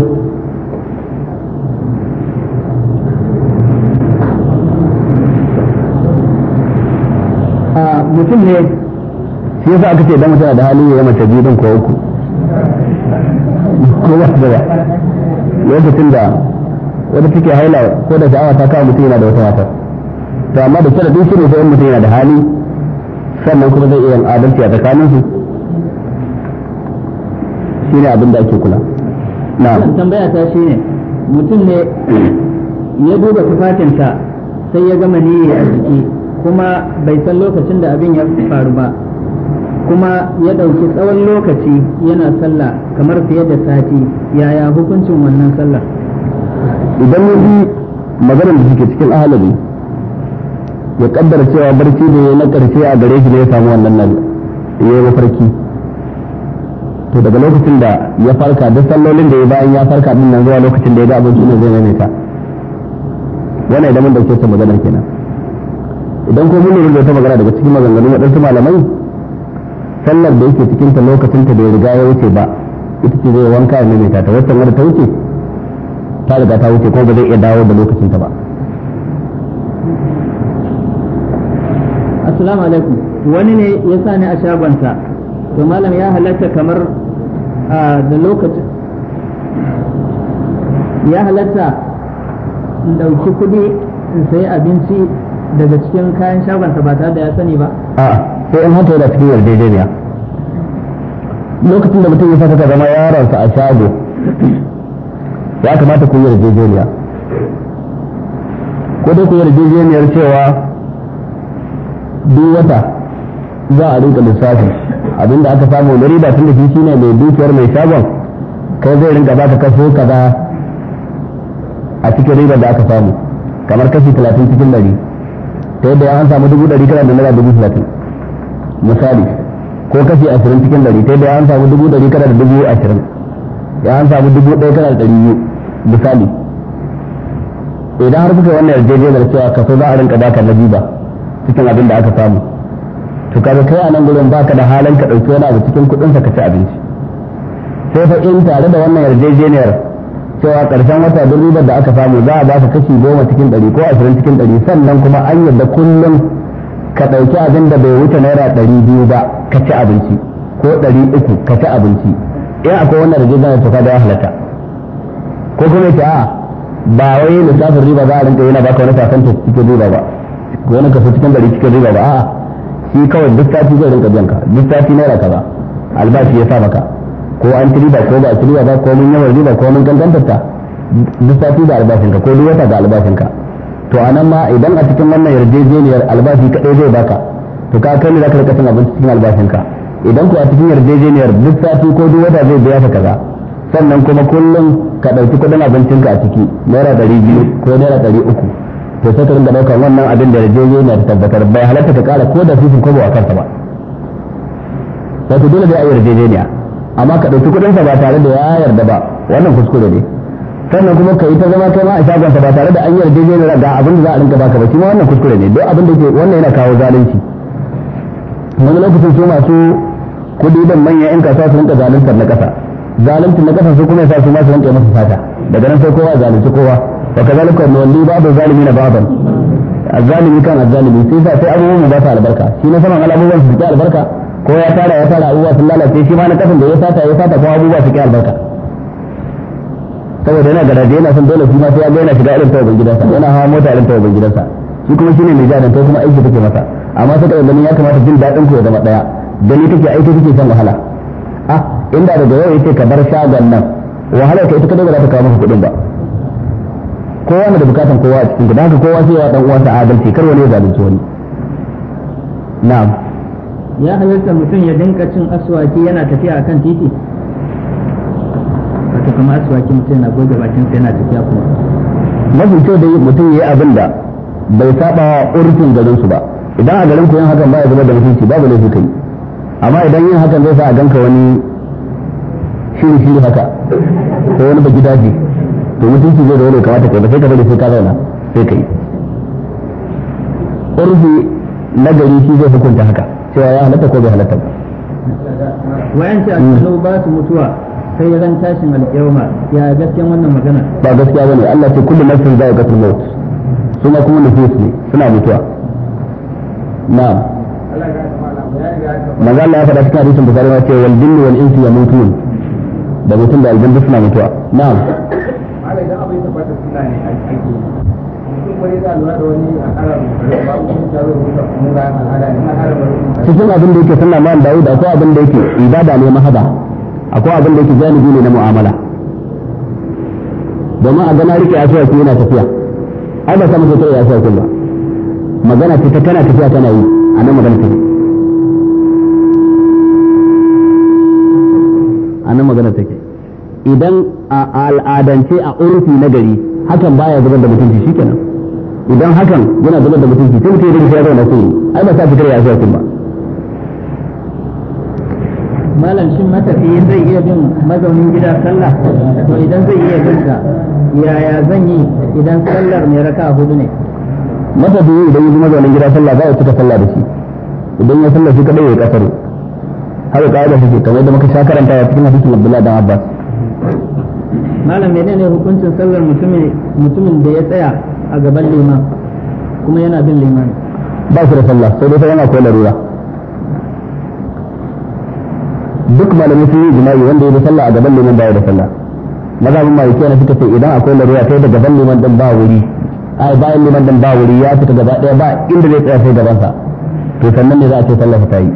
a mutum ne shi yasa aka ce dan mutum da hali ya mace biyu ko uku ko ba lokacin da wata take haila ko da sha'awa ta kawo mutum yana da wata mata to amma da sharadin shi ne sai mutum yana da hali sannan kuma zai iya adalci a tsakanin su shi ne abin da ake kula na tambaya ta shi ne mutum ne ya duba tufafinsa sai ya gama niyya a jiki kuma bai san lokacin da abin ya faru ba kuma ya ɗauki tsawon lokaci yana sallah kamar fiye da sati yaya hukuncin wannan sallar idan ya bi maganar da suke cikin ahalari ya kaddara cewa barci da ya na karshe a gare shi ne ya samu wannan nan ya yi mafarki to daga lokacin da ya farka duk sallolin da ya bayan ya farka din nan zuwa lokacin da ya ga abinci ne zai maimaita wannan idan mun dauke ta magana kenan idan ko mun lura ta magana daga cikin maganganun waɗansu malamai sallar da yake cikin ta lokacin ta bai riga ya wuce ba ita ce zai wanka ne mai ta wata wadda ta wuce ta riga ta wuce ko ba zai iya dawo da lokacin ta ba assalamu alaikum wani ne ya sa ni a shagonsa to malam ya halatta kamar da lokacin ya halatta dauki kuɗi in sai abinci daga cikin kayan shagonsa ba tare da ya sani ba a sai in hanta da cikin yarjejeniya lokacin da mutum ya fata ta zama yaronsa a shago ya kamata ku yi yarjejeniya ko dai ku yi yarjejeniyar cewa duk wata za a rinka lissafi abinda aka samu da riba tun da shi shine mai dukiyar mai shagon kai zai rinka baka kaso kaza a cikin riba da aka samu kamar kashi talatin cikin dari ta yadda an samu dubu dari kana da naira dubu talatin misali ko kashi ashirin cikin dari ta da an samu dubu dari kada da dubu ashirin ya an samu dubu ɗaya kada da dari biyu misali idan har kuka wannan yarjejeniyar cewa kaso za a rinka baka na ba cikin abin da aka samu to kaga kai a nan gurin baka da halin ka ɗauki wani abu cikin kuɗin ka ci abinci sai fa in tare da wannan yarjejeniyar cewa ƙarshen wata duk ribar da aka samu za a ba ka kashi goma cikin ɗari ko ashirin cikin ɗari sannan kuma an yarda kullum ka ɗauki abin da bai wuce naira ɗari biyu ba ka ci abinci ko ɗari uku ka ci abinci in akwai wannan da to da ya halatta ko kuma ta a ba wai lissafin riba za a rinka yana baka wani ta cikin riba ba ko wani kaso cikin ɗari cikin riba ba a shi kawai duk sati zai rinka biyan ka duk sati naira ba albashi ya sa maka ko an ci riba ko ba a ci riba ba ko mun yawan riba ko mun gangantar ta duk sati da albashinka ko duk wata da albashinka to anan ma idan a cikin wannan yarjejeniyar albashi kadai zai baka to ka kai ne zaka rika cin abinci cikin albashinka idan kuwa cikin yarjejeniyar duk sati ko duk wata zai biya ka kaza sannan kuma kullum ka ɗauki kuɗin abincinka a ciki naira ɗari biyu ko naira ɗari uku to sai ka ringa ɗaukar wannan abin da yarjejeniyar ta tabbatar bai halatta ka ƙara ko da sisin kobo a kansa ba wato dole zai a yarjejeniya amma ka ɗauki kuɗinsa ba tare da ya yarda ba wannan kuskure ne sannan kuma ka yi ta zama kai ma a shagonsa ba tare da an yarjejeniyar ga abin da za a rinka baka ba shi ma wannan kuskure ne don abin da ke wannan yana kawo zalunci wani lokacin su masu kuɗi dan manyan yan kasuwa su rinka zaluntar na ƙasa zaluntar na ƙasa su kuma yasa su masu su rinka musu fata daga nan sai kowa zalunci kowa wa kazalika walli babu zalimina baban azzalimi kan azzalimi sai sa sai abubuwan ba ta albarka shi ne saman al'abubuwan su ta albarka ko ya tara ya tara abubuwa sun lalace shi ma na kasan da ya sata ya sata ko abubuwa su ki albarka saboda yana garaje yana son dole shi ma sai ya ga yana shiga irin tawabin gidansa yana hawa mota irin tawabin gidansa shi kuma shine mai jadan kuma aiki take masa amma suka yi ganin ya kamata jin daɗin ku ya zama ɗaya gani take aiki take shan wahala ah inda daga yau yace ka bar shagon nan wahala ka ita kadai ba za ta kawo maka kuɗin ba kowa na da bukatan kowa a cikin ku haka kowa sai ya dan uwansa adalci kar wani ya zalunci wani na'am ya halatta mutum ya dinka cin aswaki yana tafiya akan titi wato kuma aswaki mutum yana goge bakin sa yana tafiya kuma mafi kyau dai mutum ya yi abin da bai saba urfin garinsu ba idan a garin ku yin hakan ba ya zubar da mutunci babu laifi kai amma idan yin hakan zai sa a ganka wani shiri shiri haka ko wani baki daji to mutunci zai da wani kamata kai ba sai ka bari sai ka zauna sai kai ƙarfi na gari shi zai hukunta haka cewa ya halatta ko bai halatta ba wayance annabawa ba su mutuwa sai ran tashin alƙiyama ya gaskiya wannan magana ba gaskiya bane Allah ce kullu nafsin za'iqatul maut suna kuma nufus ne suna mutuwa na'am manzo Allah ya faɗa cikin hadisin Bukhari ma ce wal jinni wal insi yamutun da mutum da aljanna suna mutuwa cikin abin da yake sallah ma'an Dawud akwai abin da yake ibada ne mahada akwai abin da yake galibi ne na mu'amala domin a gana rike asuwa yana tafiya ai ba sosai ya asuwa ba magana ce ta kana tafiya tana yi a nan magana take a nan magana take idan a al'adance a urfi na gari hakan baya zubar da mutunci shikenan idan hakan yana zubar da mutunci sai mutum ya da na sai ai ba sa fitar ya zuwa ba malam shin matafiyin zai iya bin mazaunin gida sallah to idan zai iya bin yaya zan yi idan sallar mai raka hudu ne biyu idan yi zuma zaunin gida sallah za a kuka sallah da shi idan ya sallah shi kadai ya kasar har ya kawo da shi kamar da muka sha karanta ya cikin hadisin Abdullah dan Abbas malam menene hukuncin sallar mutumin mutumin da ya tsaya a gaban liman kuma yana bin liman ba shi da sallah sai dai yana kai larura duk malamai sun yi jima'i wanda ya bi sallah a gaban liman ba ya da sallah mazhabin maliki na suka sai idan akwai larura sai da gaban liman din ba wuri ai bayan liman dan ba wuri ya fita gaba daya ba inda zai tsaya sai gabansa to sannan ne za a ce sallah ta yi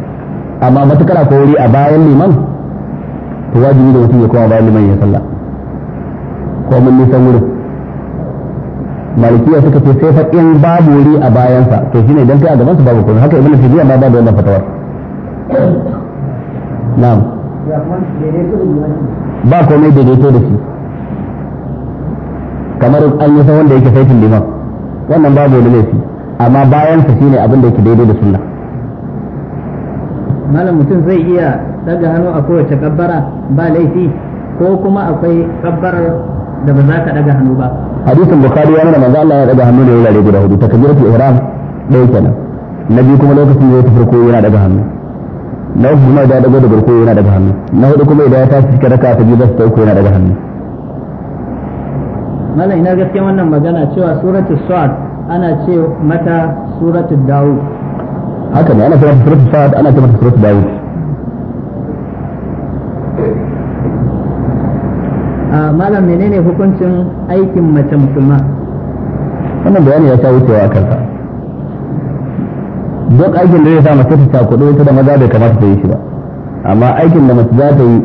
amma matukar akwai wuri a bayan liman to wajibi da mutum ya koma bayan liman ya sallah ko mun nisan wurin malikiya suka ce sai fa in babu wuri a bayansa to shine idan kai a sa babu ko haka ibnu sibiya ma babu wannan fatawar na'am ba komai daidaito da shi kamar an yi sahun da yake saitin liman wannan babu wani laifi amma bayan sa shine abin da yake daidai da sunna malam mutum zai iya daga hannu a kowace kabbara ba laifi ko kuma akwai kabbarar da ba za ka daga hannu ba hadisin bukhari ya nuna manzo Allah ya daga hannu da wurare guda hudu takbiratul ihram ɗaya kenan na biyu kuma lokacin da ya tafi farko yana daga hannu na uku kuma idan ya dago da farko yana daga hannu na hudu kuma idan ya tashi cikin raka'a ta biyu za su ta uku yana daga hannu mana ina gaskiya wannan magana cewa suratul sa'ad ana ce mata suratul dawud haka ne ana ce mata suratul sa'ad ana ce mata suratul dawud ah, malam menene hukuncin aikin mace musulma wannan bayani ya sha wucewa kansa duk aikin da zai sa mace ta kudu ita da maza bai kamata ta yi shi ba amma aikin da mace za ta yi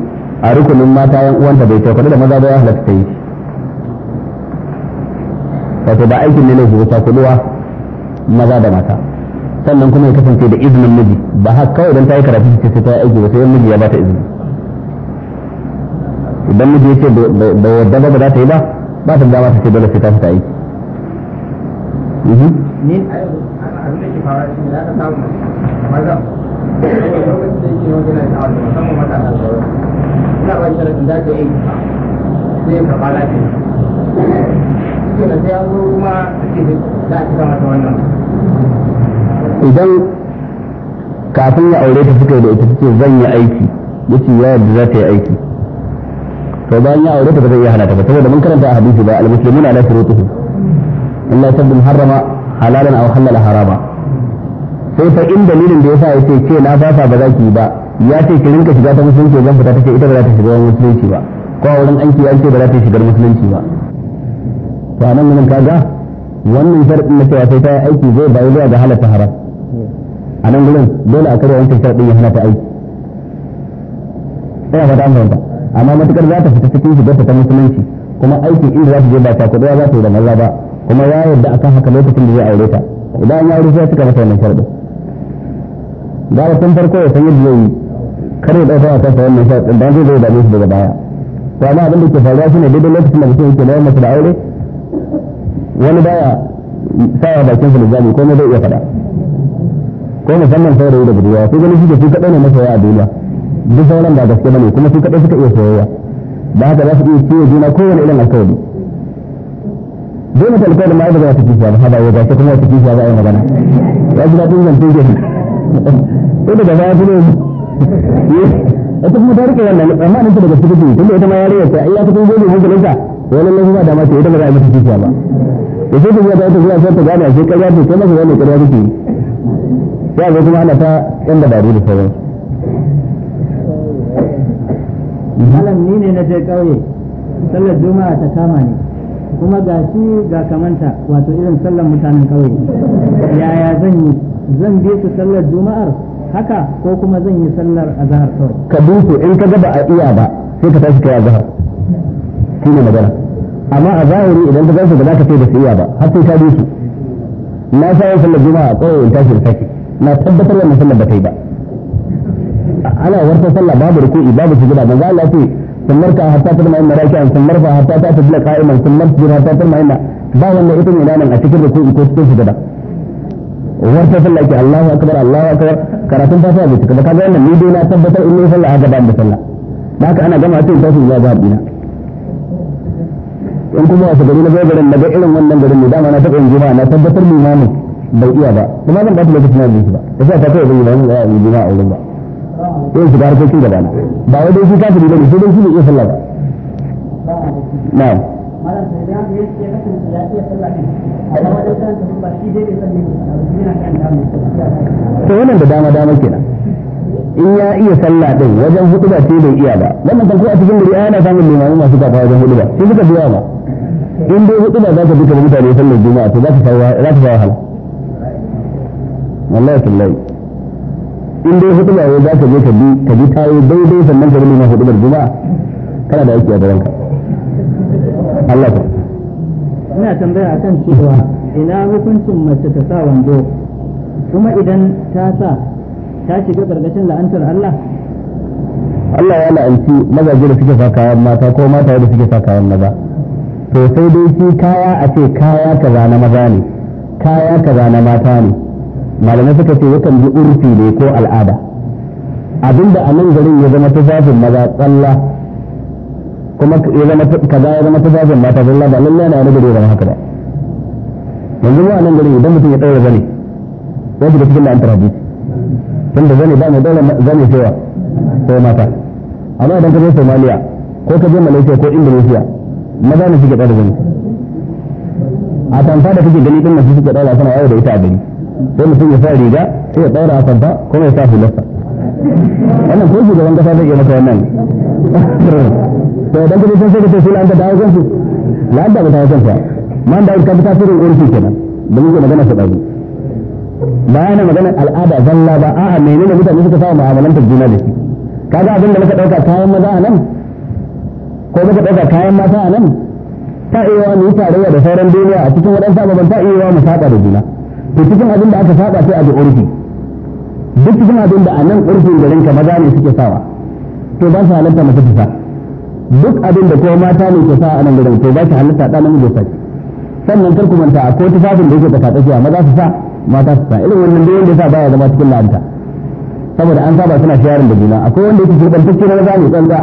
a rukunin mata yan uwanta bai ta kudu da maza bai ya halatta ta yi wato ba aikin ne na zuwa cakuduwa maza da mata sannan kuma ya kasance da izinin miji ba haka kawai don ta yi karatu ce sai ta yi aiki ba sai miji ya ba ta izini idan miji ya ce da yadda ba za ta yi ba ba ta dama ta ce dole sai ta fita aiki mhm. ni a yau shi za ta samu maza da ke ina ba shi da da ke yi sai ka fara idan kafin ya aure ta suka da ita suke zan yi aiki ya ce ya yarda za ta yi aiki to bayan ya aure ta ba zai iya halata ba saboda mun karanta a hadisi ba al-muslimuna ala shurutuhu illa sabbin harrama halalan aw halala harama sai fa in dalilin da yasa yace ce na fasa ba za ki ba ya ce ki rinka shiga ta musulunci zan fita ce ita ba za ta shiga musulunci ba ko a wurin aiki an ce ba za ta shiga musulunci ba to nan ganin kaga wannan sharɗin na cewa sai ta yi aiki zai bayi zuwa ga halatta haram a nan gurin dole a karya wancan sharɗin ya hana ta aiki ina fata an fahimta amma matukar za ta fita cikin shigarta ta musulunci kuma aikin inda za ta je ba ta kuɗuwa za ta yi da maza ba kuma ya yarda akan haka lokacin da zai aure ta idan ya aure sai suka masa wannan sharɗin gara tun farko ya san yadda zai yi kar ya ɗauka a kansa wannan sharɗin dan zai zai da shi daga baya to amma abin da ke faruwa shine daidai lokacin da mutum yake da mace da aure wani baya sawa bakin sa linzami ko zai iya faɗa ko musamman saurayi da budurwa ko gani shi da su kaɗai ne masoya a duniya duk sauran ba gaske bane kuma su kaɗai suka iya soyayya ba haka za su iya ciwo juna kowane irin alkawari dole ta alkawari ma ba za su kishiya ba haɗa ya gashi kuma wata kishiya za a yi magana ya ji daɗin zancen gefe ko daga baya su ne ita kuma ta riƙe wannan amma nan ta daga cikin tunda ita ma ya rage ta ai ta kun gobe mun galinta wani lafi ba dama ce ita ba za a mata kishiya ba da shi kuma ta ta zuwa sai ta gane a shi karya ta sai masa wani karya take ya zai kuma ana ta yan dabaru da sauran malam ni ne na je ƙauye sallar juma'a ta kama ne kuma ga shi ga kamanta wato irin sallar mutanen ƙauye yaya zan yi zan bi su sallar juma'ar haka ko kuma zan yi sallar azahar kawai ka bi su in ka gaba a iya ba sai ka tashi kai azahar shi ne magana amma a zahiri idan ka gansu ba za ka sai da sayya ba har sai ka bi su na sha yin sallar juma'a kawai in tashi tashi na tabbatar wannan sallar ba ta yi ba ana warta sallah babu ruku'i babu sujuda manzo Allah ya ce sunnar ka hatta ta mai maraka sun marfa hatta ta tabla qa'iman sun marfa hatta ta mai ba wanda ita ne nan a cikin ruku'i ko cikin sujuda warta sallah ke Allahu akbar Allahu akbar karatun fatiha bai cika ba kaga wannan ni dai na tabbatar in ne sallah a gaban da sallah da haka ana gama cin tashi zuwa ga abina in kuma wasu gari na bai garin na ga irin wannan garin ne dama na taɓa yin jima'a na tabbatar limamin bai iya ba kuma zan ɓata lokacin na jinsu ba da sa ta kawai zan yi ba wani yi jima'a a wurin ba irin su da harkokin gaba na ba wai dai shi kafiri ba ne sai dai shi ne iya sallah ba wannan da dama dama kenan in ya iya sallah din ba a cikin ana samun masu wajen hudu ba sai suka biya ba in dai hudu da za ka duka mutane sallar juma'a to za ka fara za ka fara wallahi tallahi in dai hudu ba wai za ka je ka bi ka bi tayo daidai sannan ka rubuta hudu da juma'a kana da aiki a gaban ka Allah ta ina tambaya akan cewa ina hukuncin mace ta sa wando kuma idan ta sa ta shiga gargashin la'antar Allah Allah ya la'anci mazaje da suke sa kayan mata ko mata da suke sa kayan maza to sai dai shi kaya a ce kaya kaza na maza ne kaya kaza na mata ne malamai suka ce yakan bi urfi ne ko al'ada abinda a nan garin ya zama tufafin maza tsalla kuma ya zama kaza ya zama tufafin mata tsalla ba lallai na yana gari zama haka ba yanzu mu a nan garin idan mutum ya ɗaura zane ya shiga cikin la'antar hadisi tunda zane ba mai dole zane cewa sai mata amma idan ka je somaliya ko ka je Malaysia ko Indonesia maza ne suke tsara zani a tamfa da kake gani din nan suke tsara suna yawo da ita a gani sai mutum ya sa riga sai ya tsara a tamfa kuma ya sa hulasta wannan ko shugaban kasa zai iya maka wannan to dan kudi sun sai ka ce sai an ta dawo kansu la'an da ba ta sa man da ka fita sirrin urfi kenan da muke magana su dazu ba yana magana al'ada zalla ba a'a menene mutane suka samu ta juna da shi kaga abin da muka dauka kayan maza a nan ko muka ɗauka kayan mata a nan ta iya mu tarayya da sauran duniya a cikin waɗansu ababen ta iya mu saba da juna to cikin abin da aka saba sai a ji urfi duk cikin abin da a nan urfin garin ka maza ne suke sawa to ba su halatta mace ta sa duk abin da ko mata ne ke sa a nan garin to ba su halatta ɗan namiji sa sannan kar ku manta ko tufafin da yake tsaka a maza su sa mata su sa irin wannan da wanda ya sa baya zama cikin la'anta saboda an saba suna shayarin da juna akwai wanda yake shirɓantacce na maza ne tsantsa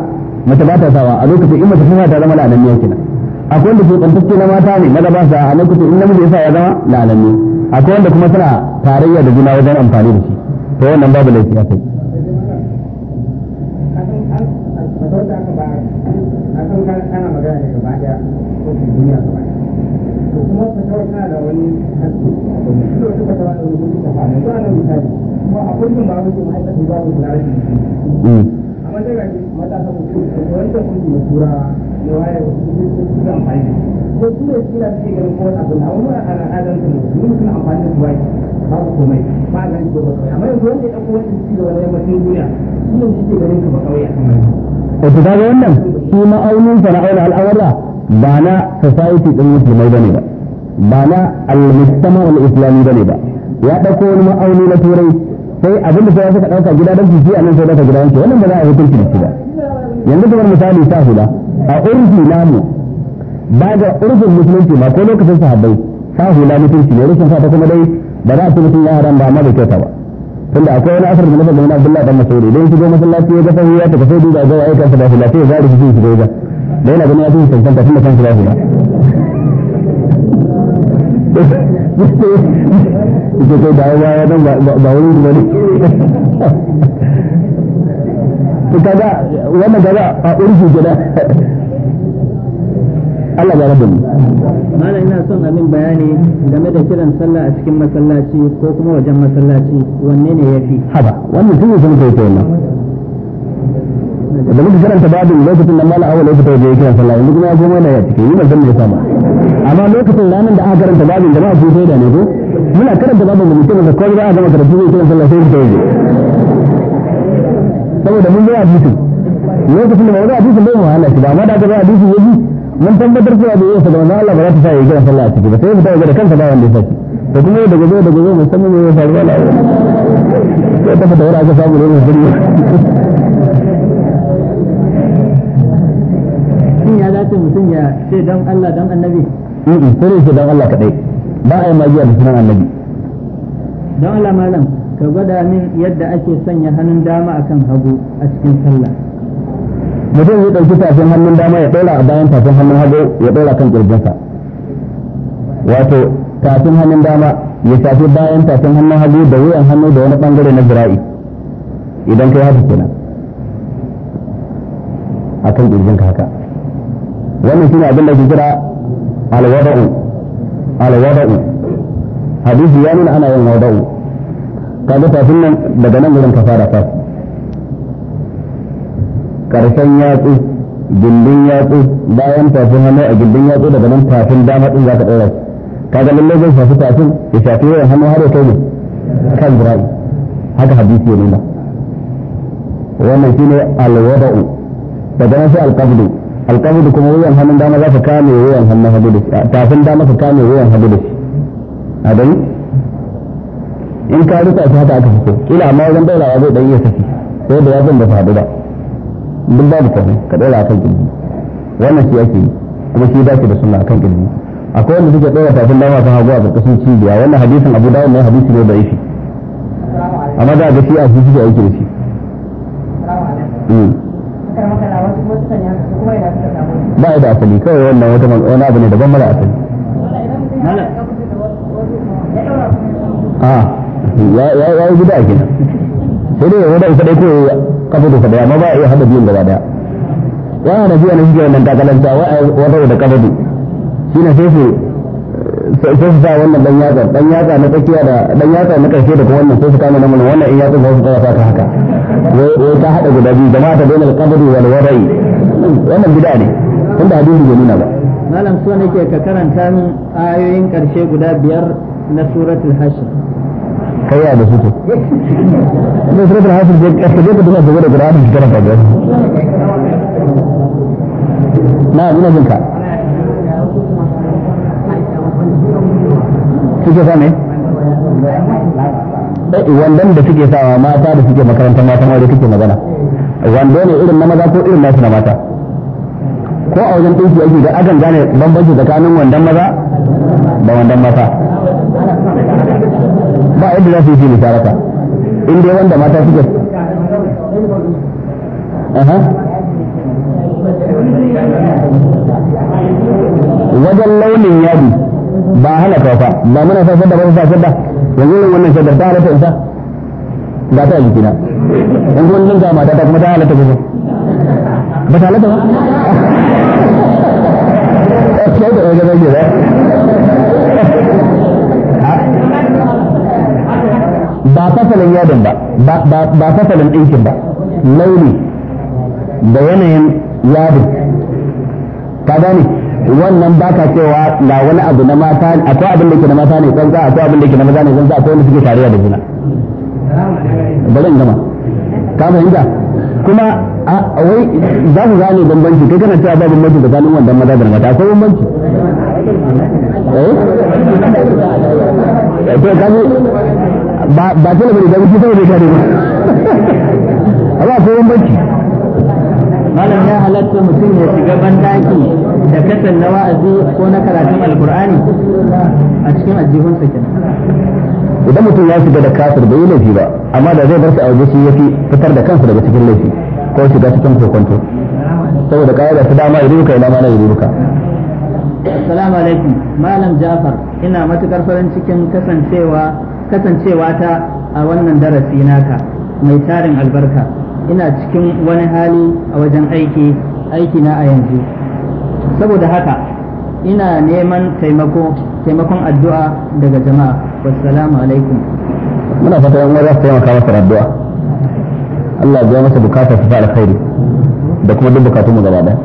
mace ba ta sawa a lokacin in mace tana ta zama yake kenan akwai wanda su tsantacce na mata ne maza ba sa a lokacin in namiji ya sa ya zama la'ananni akwai wanda kuma suna tarayya da juna wajen amfani da shi to wannan babu laifi kai Mm. hmm babu komai ba a gani gobe amma yanzu wanda ya ɗauko wanda su da wani yammacin duniya shi ne shi ke ganin ka ba kawai a kan ta ga wannan shi ma'aunin sa na aure ba na society din musulmai bane ba ba na al-mujtama al-islami bane ba ya dauko wani ma'auni na turai sai da sai suka dauka gida dan fifi nan sai dauka gida wanke wannan ba za a hukunci da shi ba yanzu kamar misali ta hula a urfi namu ba da urfin musulunci ba ko lokacin sahabbai sa hula mutunci ne rashin sa ta kuma dai ba za a ce mutum ya haram ba amma bai kyauta ba tunda akwai wani asar da na faɗa na Abdullahi dan Mas'ud idan shigo masallaci ya ga sahu ya tafi sai duba ga ya kansa da hula sai ya zari shi shi ga da yana ganin ya fi cancanta kan shi da hula ita kai da ya nan ba wani ba ne kaga wannan gaba a urfi gida Allah ya rabu mala ina son amin bayani game da kiran sallah a cikin masallaci ko kuma wajen masallaci wanne ne ya fi. haba wannan tun da sun kai wannan da muka karanta babin lokacin da mala awal lokacin da ya kira sallah yanzu kuma ya zo mana ya cike yi manzon ne sama amma lokacin ranar da aka karanta babin da ba su sai da ne ko muna karanta babin da mutum da kawai ba a gama karatu zai kira sallah sai su tawaje saboda mun zo hadisi lokacin da ba zo hadisi bai wahala shi ba amma da aka zo hadisi ya ji mun tabbatar cewa da yasa da manzon Allah ba za ta sa ya kira sallah a ciki ba sai ya fita da kansa ba wanda ya saki da kuma da gobe da gobe musamman ne ya faru wala ya tabbata wani aka samu ne musulmi shin ya dace mutum ya ce don Allah don annabi mm ko ne don Allah kaɗai ba a yi magiya da sunan annabi don Allah malam ka gwada min yadda ake sanya hannun dama akan hagu a cikin sallah mutum ya ɗauki tafin hannun dama ya ɗora a bayan tafin hannun hagu ya ɗora kan ƙirjinsa wato tafin hannun dama ya shafi bayan tafin hannun hagu da wuyan hannu da wani ɓangare na zira'i idan kai haka kenan akan ƙirjinka haka wannan shine abin da ke kira alwada'u alwada'u hadisi ya nuna ana yin wada'u kaga tafin nan daga nan gurin ka fara fa karshen yatsu gindin yatsu bayan tafin hannu a gindin yatsu daga nan tafin dama din zaka dora kaga lallai zai shafi tafin ya shafi yawan hannu har ya kai ne kan zira'i haka hadisi ya nuna wannan shine alwada'u daga nan sai alqabdu alƙamudu kuma wuyan hannun dama za ka kame wuyan hannun hagu da shi tafin dama ka kame wuyan hagu da shi a gani in ka rika shi haka aka fito ila amma wajen daurawa zai dan iya saki sai da yatsun ba su haɗu ba duk babu kwanu ka daura akan ƙirji wannan shi ake yi kuma shi dace da suna akan ƙirji akwai wanda suke ɗora tafin dama ta hagu a ƙarƙashin cibiya wannan hadisin abu dawa ne hadisi ne da ishi amma da ga shi a shi suke aiki da shi hmm. ba ya da asali kawai wannan wata wani abu ne daban mara asali a ya yi gida kenan sai dai wanda ita dai ko kafa da kadai amma ba a ya hada biyun gaba daya ya hada biyun ne shi ke wannan takalanta wa wa da kafa shi na sai su sai su sa wannan dan yatsa dan yatsa na tsakiya da dan yatsa na karshe da wannan sai su kama nan wannan in yatsa sai su kawo ta haka wai ta hada guda biyu jama'a ta bainal qabri wal warai wannan bid'a ne tunda hadisi bai nuna ba malam so nake ka karanta min ayoyin karshe guda biyar na suratul hashr kai ya da su ne suratul hashr sai ka je ka duba da Qur'ani ka karanta na'am ina jinka suke sa ne eh, wandan da suke sawa mata da suke makaranta matan aure kake magana wando ne irin na maza ko irin nasu na mata ko a wajen ɗinki ake da akan gane bambanci tsakanin wandan maza da wandan mata ba yadda za su yi fili tarata in dai wanda mata suke wajen launin yadi ba hana kafa ba muna sa shadda ba sa shadda yanzu nan wannan shaddar ta halatta isa ba ta jikina in kuma zan kama ta kuma ta halatta kusa ba ta halatta ba sai da ɗaya gaba ba ba fasalin yadon ba ba fasalin ɗinkin ba launi da yanayin ka gane wannan baka cewa ga wani abu na mata akwai abin da ke na mata ne a akwai abin da ke na maza ne a akwai wanda suke tarayya da juna bari in gama ka fahimta kuma wai za ku gane bambanci kai kana cewa ba bambanci tsakanin wannan maza da mata akwai bambanci eh to kaje ba ba tana bane da kuke saboda kare ba amma akwai bambanci malam ya halatta mutum ya shiga bandaki da kasar na wa'azi ko na karatun alkur'ani a cikin ajihun sa idan mutum ya shiga da kasar bai yi laifi ba amma da zai bar shi a waje shi yafi fitar da kansa daga cikin laifi ko shiga cikin kokonto saboda kaya da su dama iruka ina mana yi iruka assalamu alaikum malam jafar ina matukar farin cikin kasancewa ta a wannan darasi naka mai tarin albarka ina cikin wani hali a wajen aiki aiki na a yanzu saboda haka ina neman taimako taimakon addu'a daga jama'a wassalamu alaikum muna fata yan uwa za su taimaka masa addu'a Allah ya masa bukatar ta alkhairi da kuma duk bukatun mu gaba daya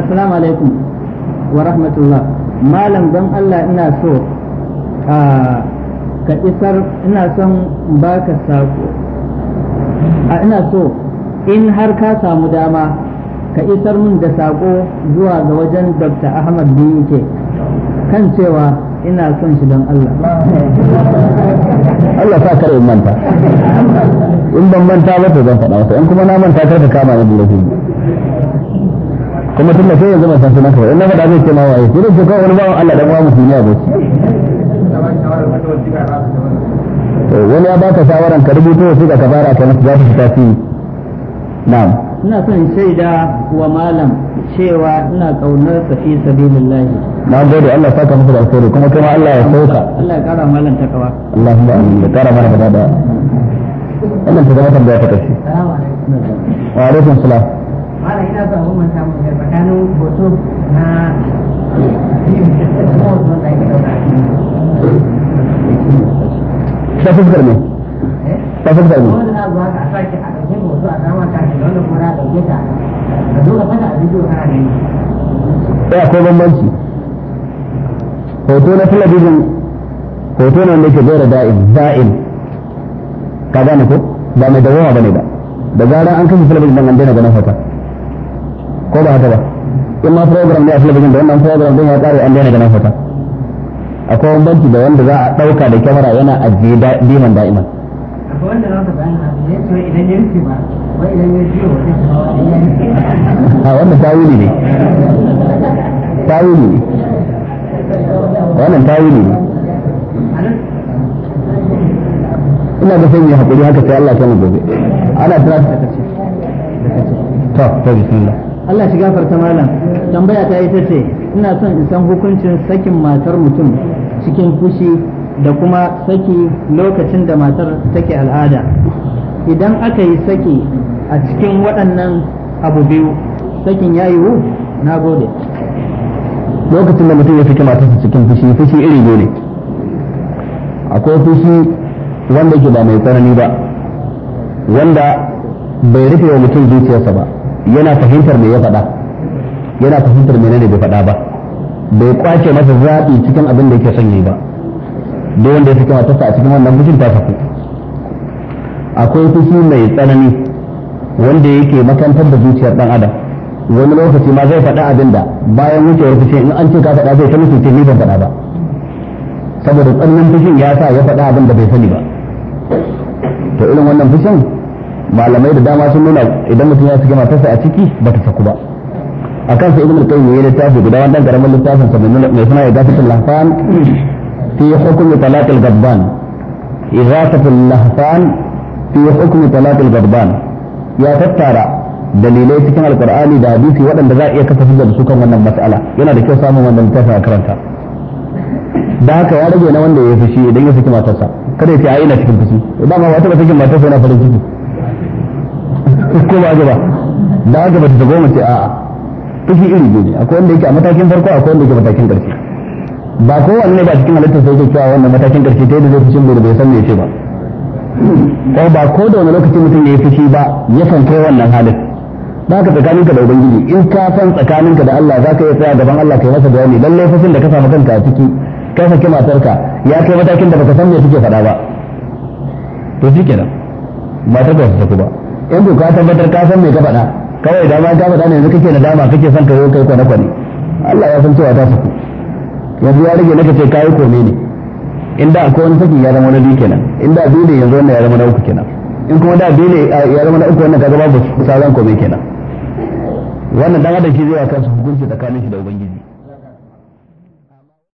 assalamu alaikum wa rahmatullah malam don Allah ina so ka isar ina son baka sako ina so in har ka samu dama ka isar min da sako zuwa ga wajen dr ahmad biyu kan cewa ina son shi don Allah Allah sa kare manta in ban manta ba to zan faɗa masa in kuma na manta kar ka kama yadda da kuma tun da sai yanzu ban san sunan ka ba in na faɗa zai ce ma waye sai ce kawai wani bawan Allah dan uwa ne a bace wani ya ba ka shawaran ka wasu wasiƙa ka fara kai masa za ta fi tasiri na'am ina son shaida wa malam cewa ina kaunar sa fi sabilillah na gode Allah saka muku da alkhairi kuma kuma Allah ya sauka Allah ya kara wa malam ina son mu manta mu da ne <laughs> ta fi da ya ko bambanci hoto na talabijin hoto ne wanda ke da'in da'in ka ko ba mai dawowa ne ba da an kashe talabijin daina ganin hoton ko ba haka ba in ma program ne a talabijin da wannan program ya an daina ganin hoton akwai bambanci da wanda za a ɗauka da kyamara yana ajiye biman da'iman wanda za ka bayyana ya ce ba wai idan ya a wannan tawili ne tawili ne wannan tawili ne ina da sanya hakuri haka sai Allah ta mu gobe ana ta ta bismillah Allah shi gafarta malam tambaya ta ita ce ina son in san hukuncin sakin matar mutum cikin fushi da kuma saki lokacin da matar take al'ada idan aka yi saki a cikin waɗannan abu biyu sakin ya yiwu na gode lokacin da mutum ya saki matarsa cikin fushi fushi iri biyu ne akwai fushi wanda ke ba mai tsanani ba wanda bai rufe wa mutum zuciyarsa ba yana fahimtar me ya faɗa yana fahimtar menene bai faɗa ba bai kwace masa zaɓi cikin abin da yake son yi ba duk wanda ya fi kama tasa a cikin wannan mijin ta saku akwai fushi mai tsanani wanda yake makantar da zuciyar dan adam wani lokaci ma zai faɗa abin da bayan wucewar fushi in an ce ka faɗa zai ta mutum ce ni ban faɗa ba saboda tsananin fushin ya sa ya faɗa abin da bai sani ba to irin wannan fushin malamai da dama sun nuna idan mutum ya fi kama tasa a ciki ba ta saku ba a kansa ibn al-qayyim ya littafi guda wannan karamin littafin sa mai suna ya gafatul lahfan في حكم طلاق الغضبان إغاثة اللهفان في حكم طلاق الغضبان يا تتارى dalilai cikin alkur'ani da hadisi waɗanda za iya kafa hujja da su kan wannan mas'ala yana da kyau samun wannan littafin a karanta da haka ya rage na wanda ya fushi idan ya saki matarsa kada ya ce ai ina cikin fushi idan ma wata ba sakin yana farin ko ba ba da haka ba ta goma ce a'a fushi iri ne akwai wanda yake a matakin farko akwai wanda yake matakin ƙarshe ba kowanne ba cikin halittar sai yake cewa wannan matakin karshe ta yadda zai fushin da bai san me ba ko ba ko da wani lokaci mutum ya yi fushi ba ya san kai wannan halin ba ka tsakaninka da ubangiji in ka san tsakaninka da Allah za ka iya tsaya gaban Allah kai masa bayani don laifin da ka samu kanka a ciki ka saki matarka ya kai matakin da baka san me take faɗa ba to shi kenan matar ba su tafi ba in ko ka tabbatar ka san me ka faɗa kawai dama ka faɗa ne yanzu kake nadama kake son ka yi kai kwane-kwane Allah ya san cewa ta saku yanzu ya rage naka ce kayi kome ne inda akwai wani saki ya zama na biyu kenan inda biyu ne yanzu wannan ya zama na uku kenan in kuma da biyu ne ya zama na uku wannan su sa zan kome kenan wannan dan adam shi zai wa kansa hukunci tsakanin shi da ubangiji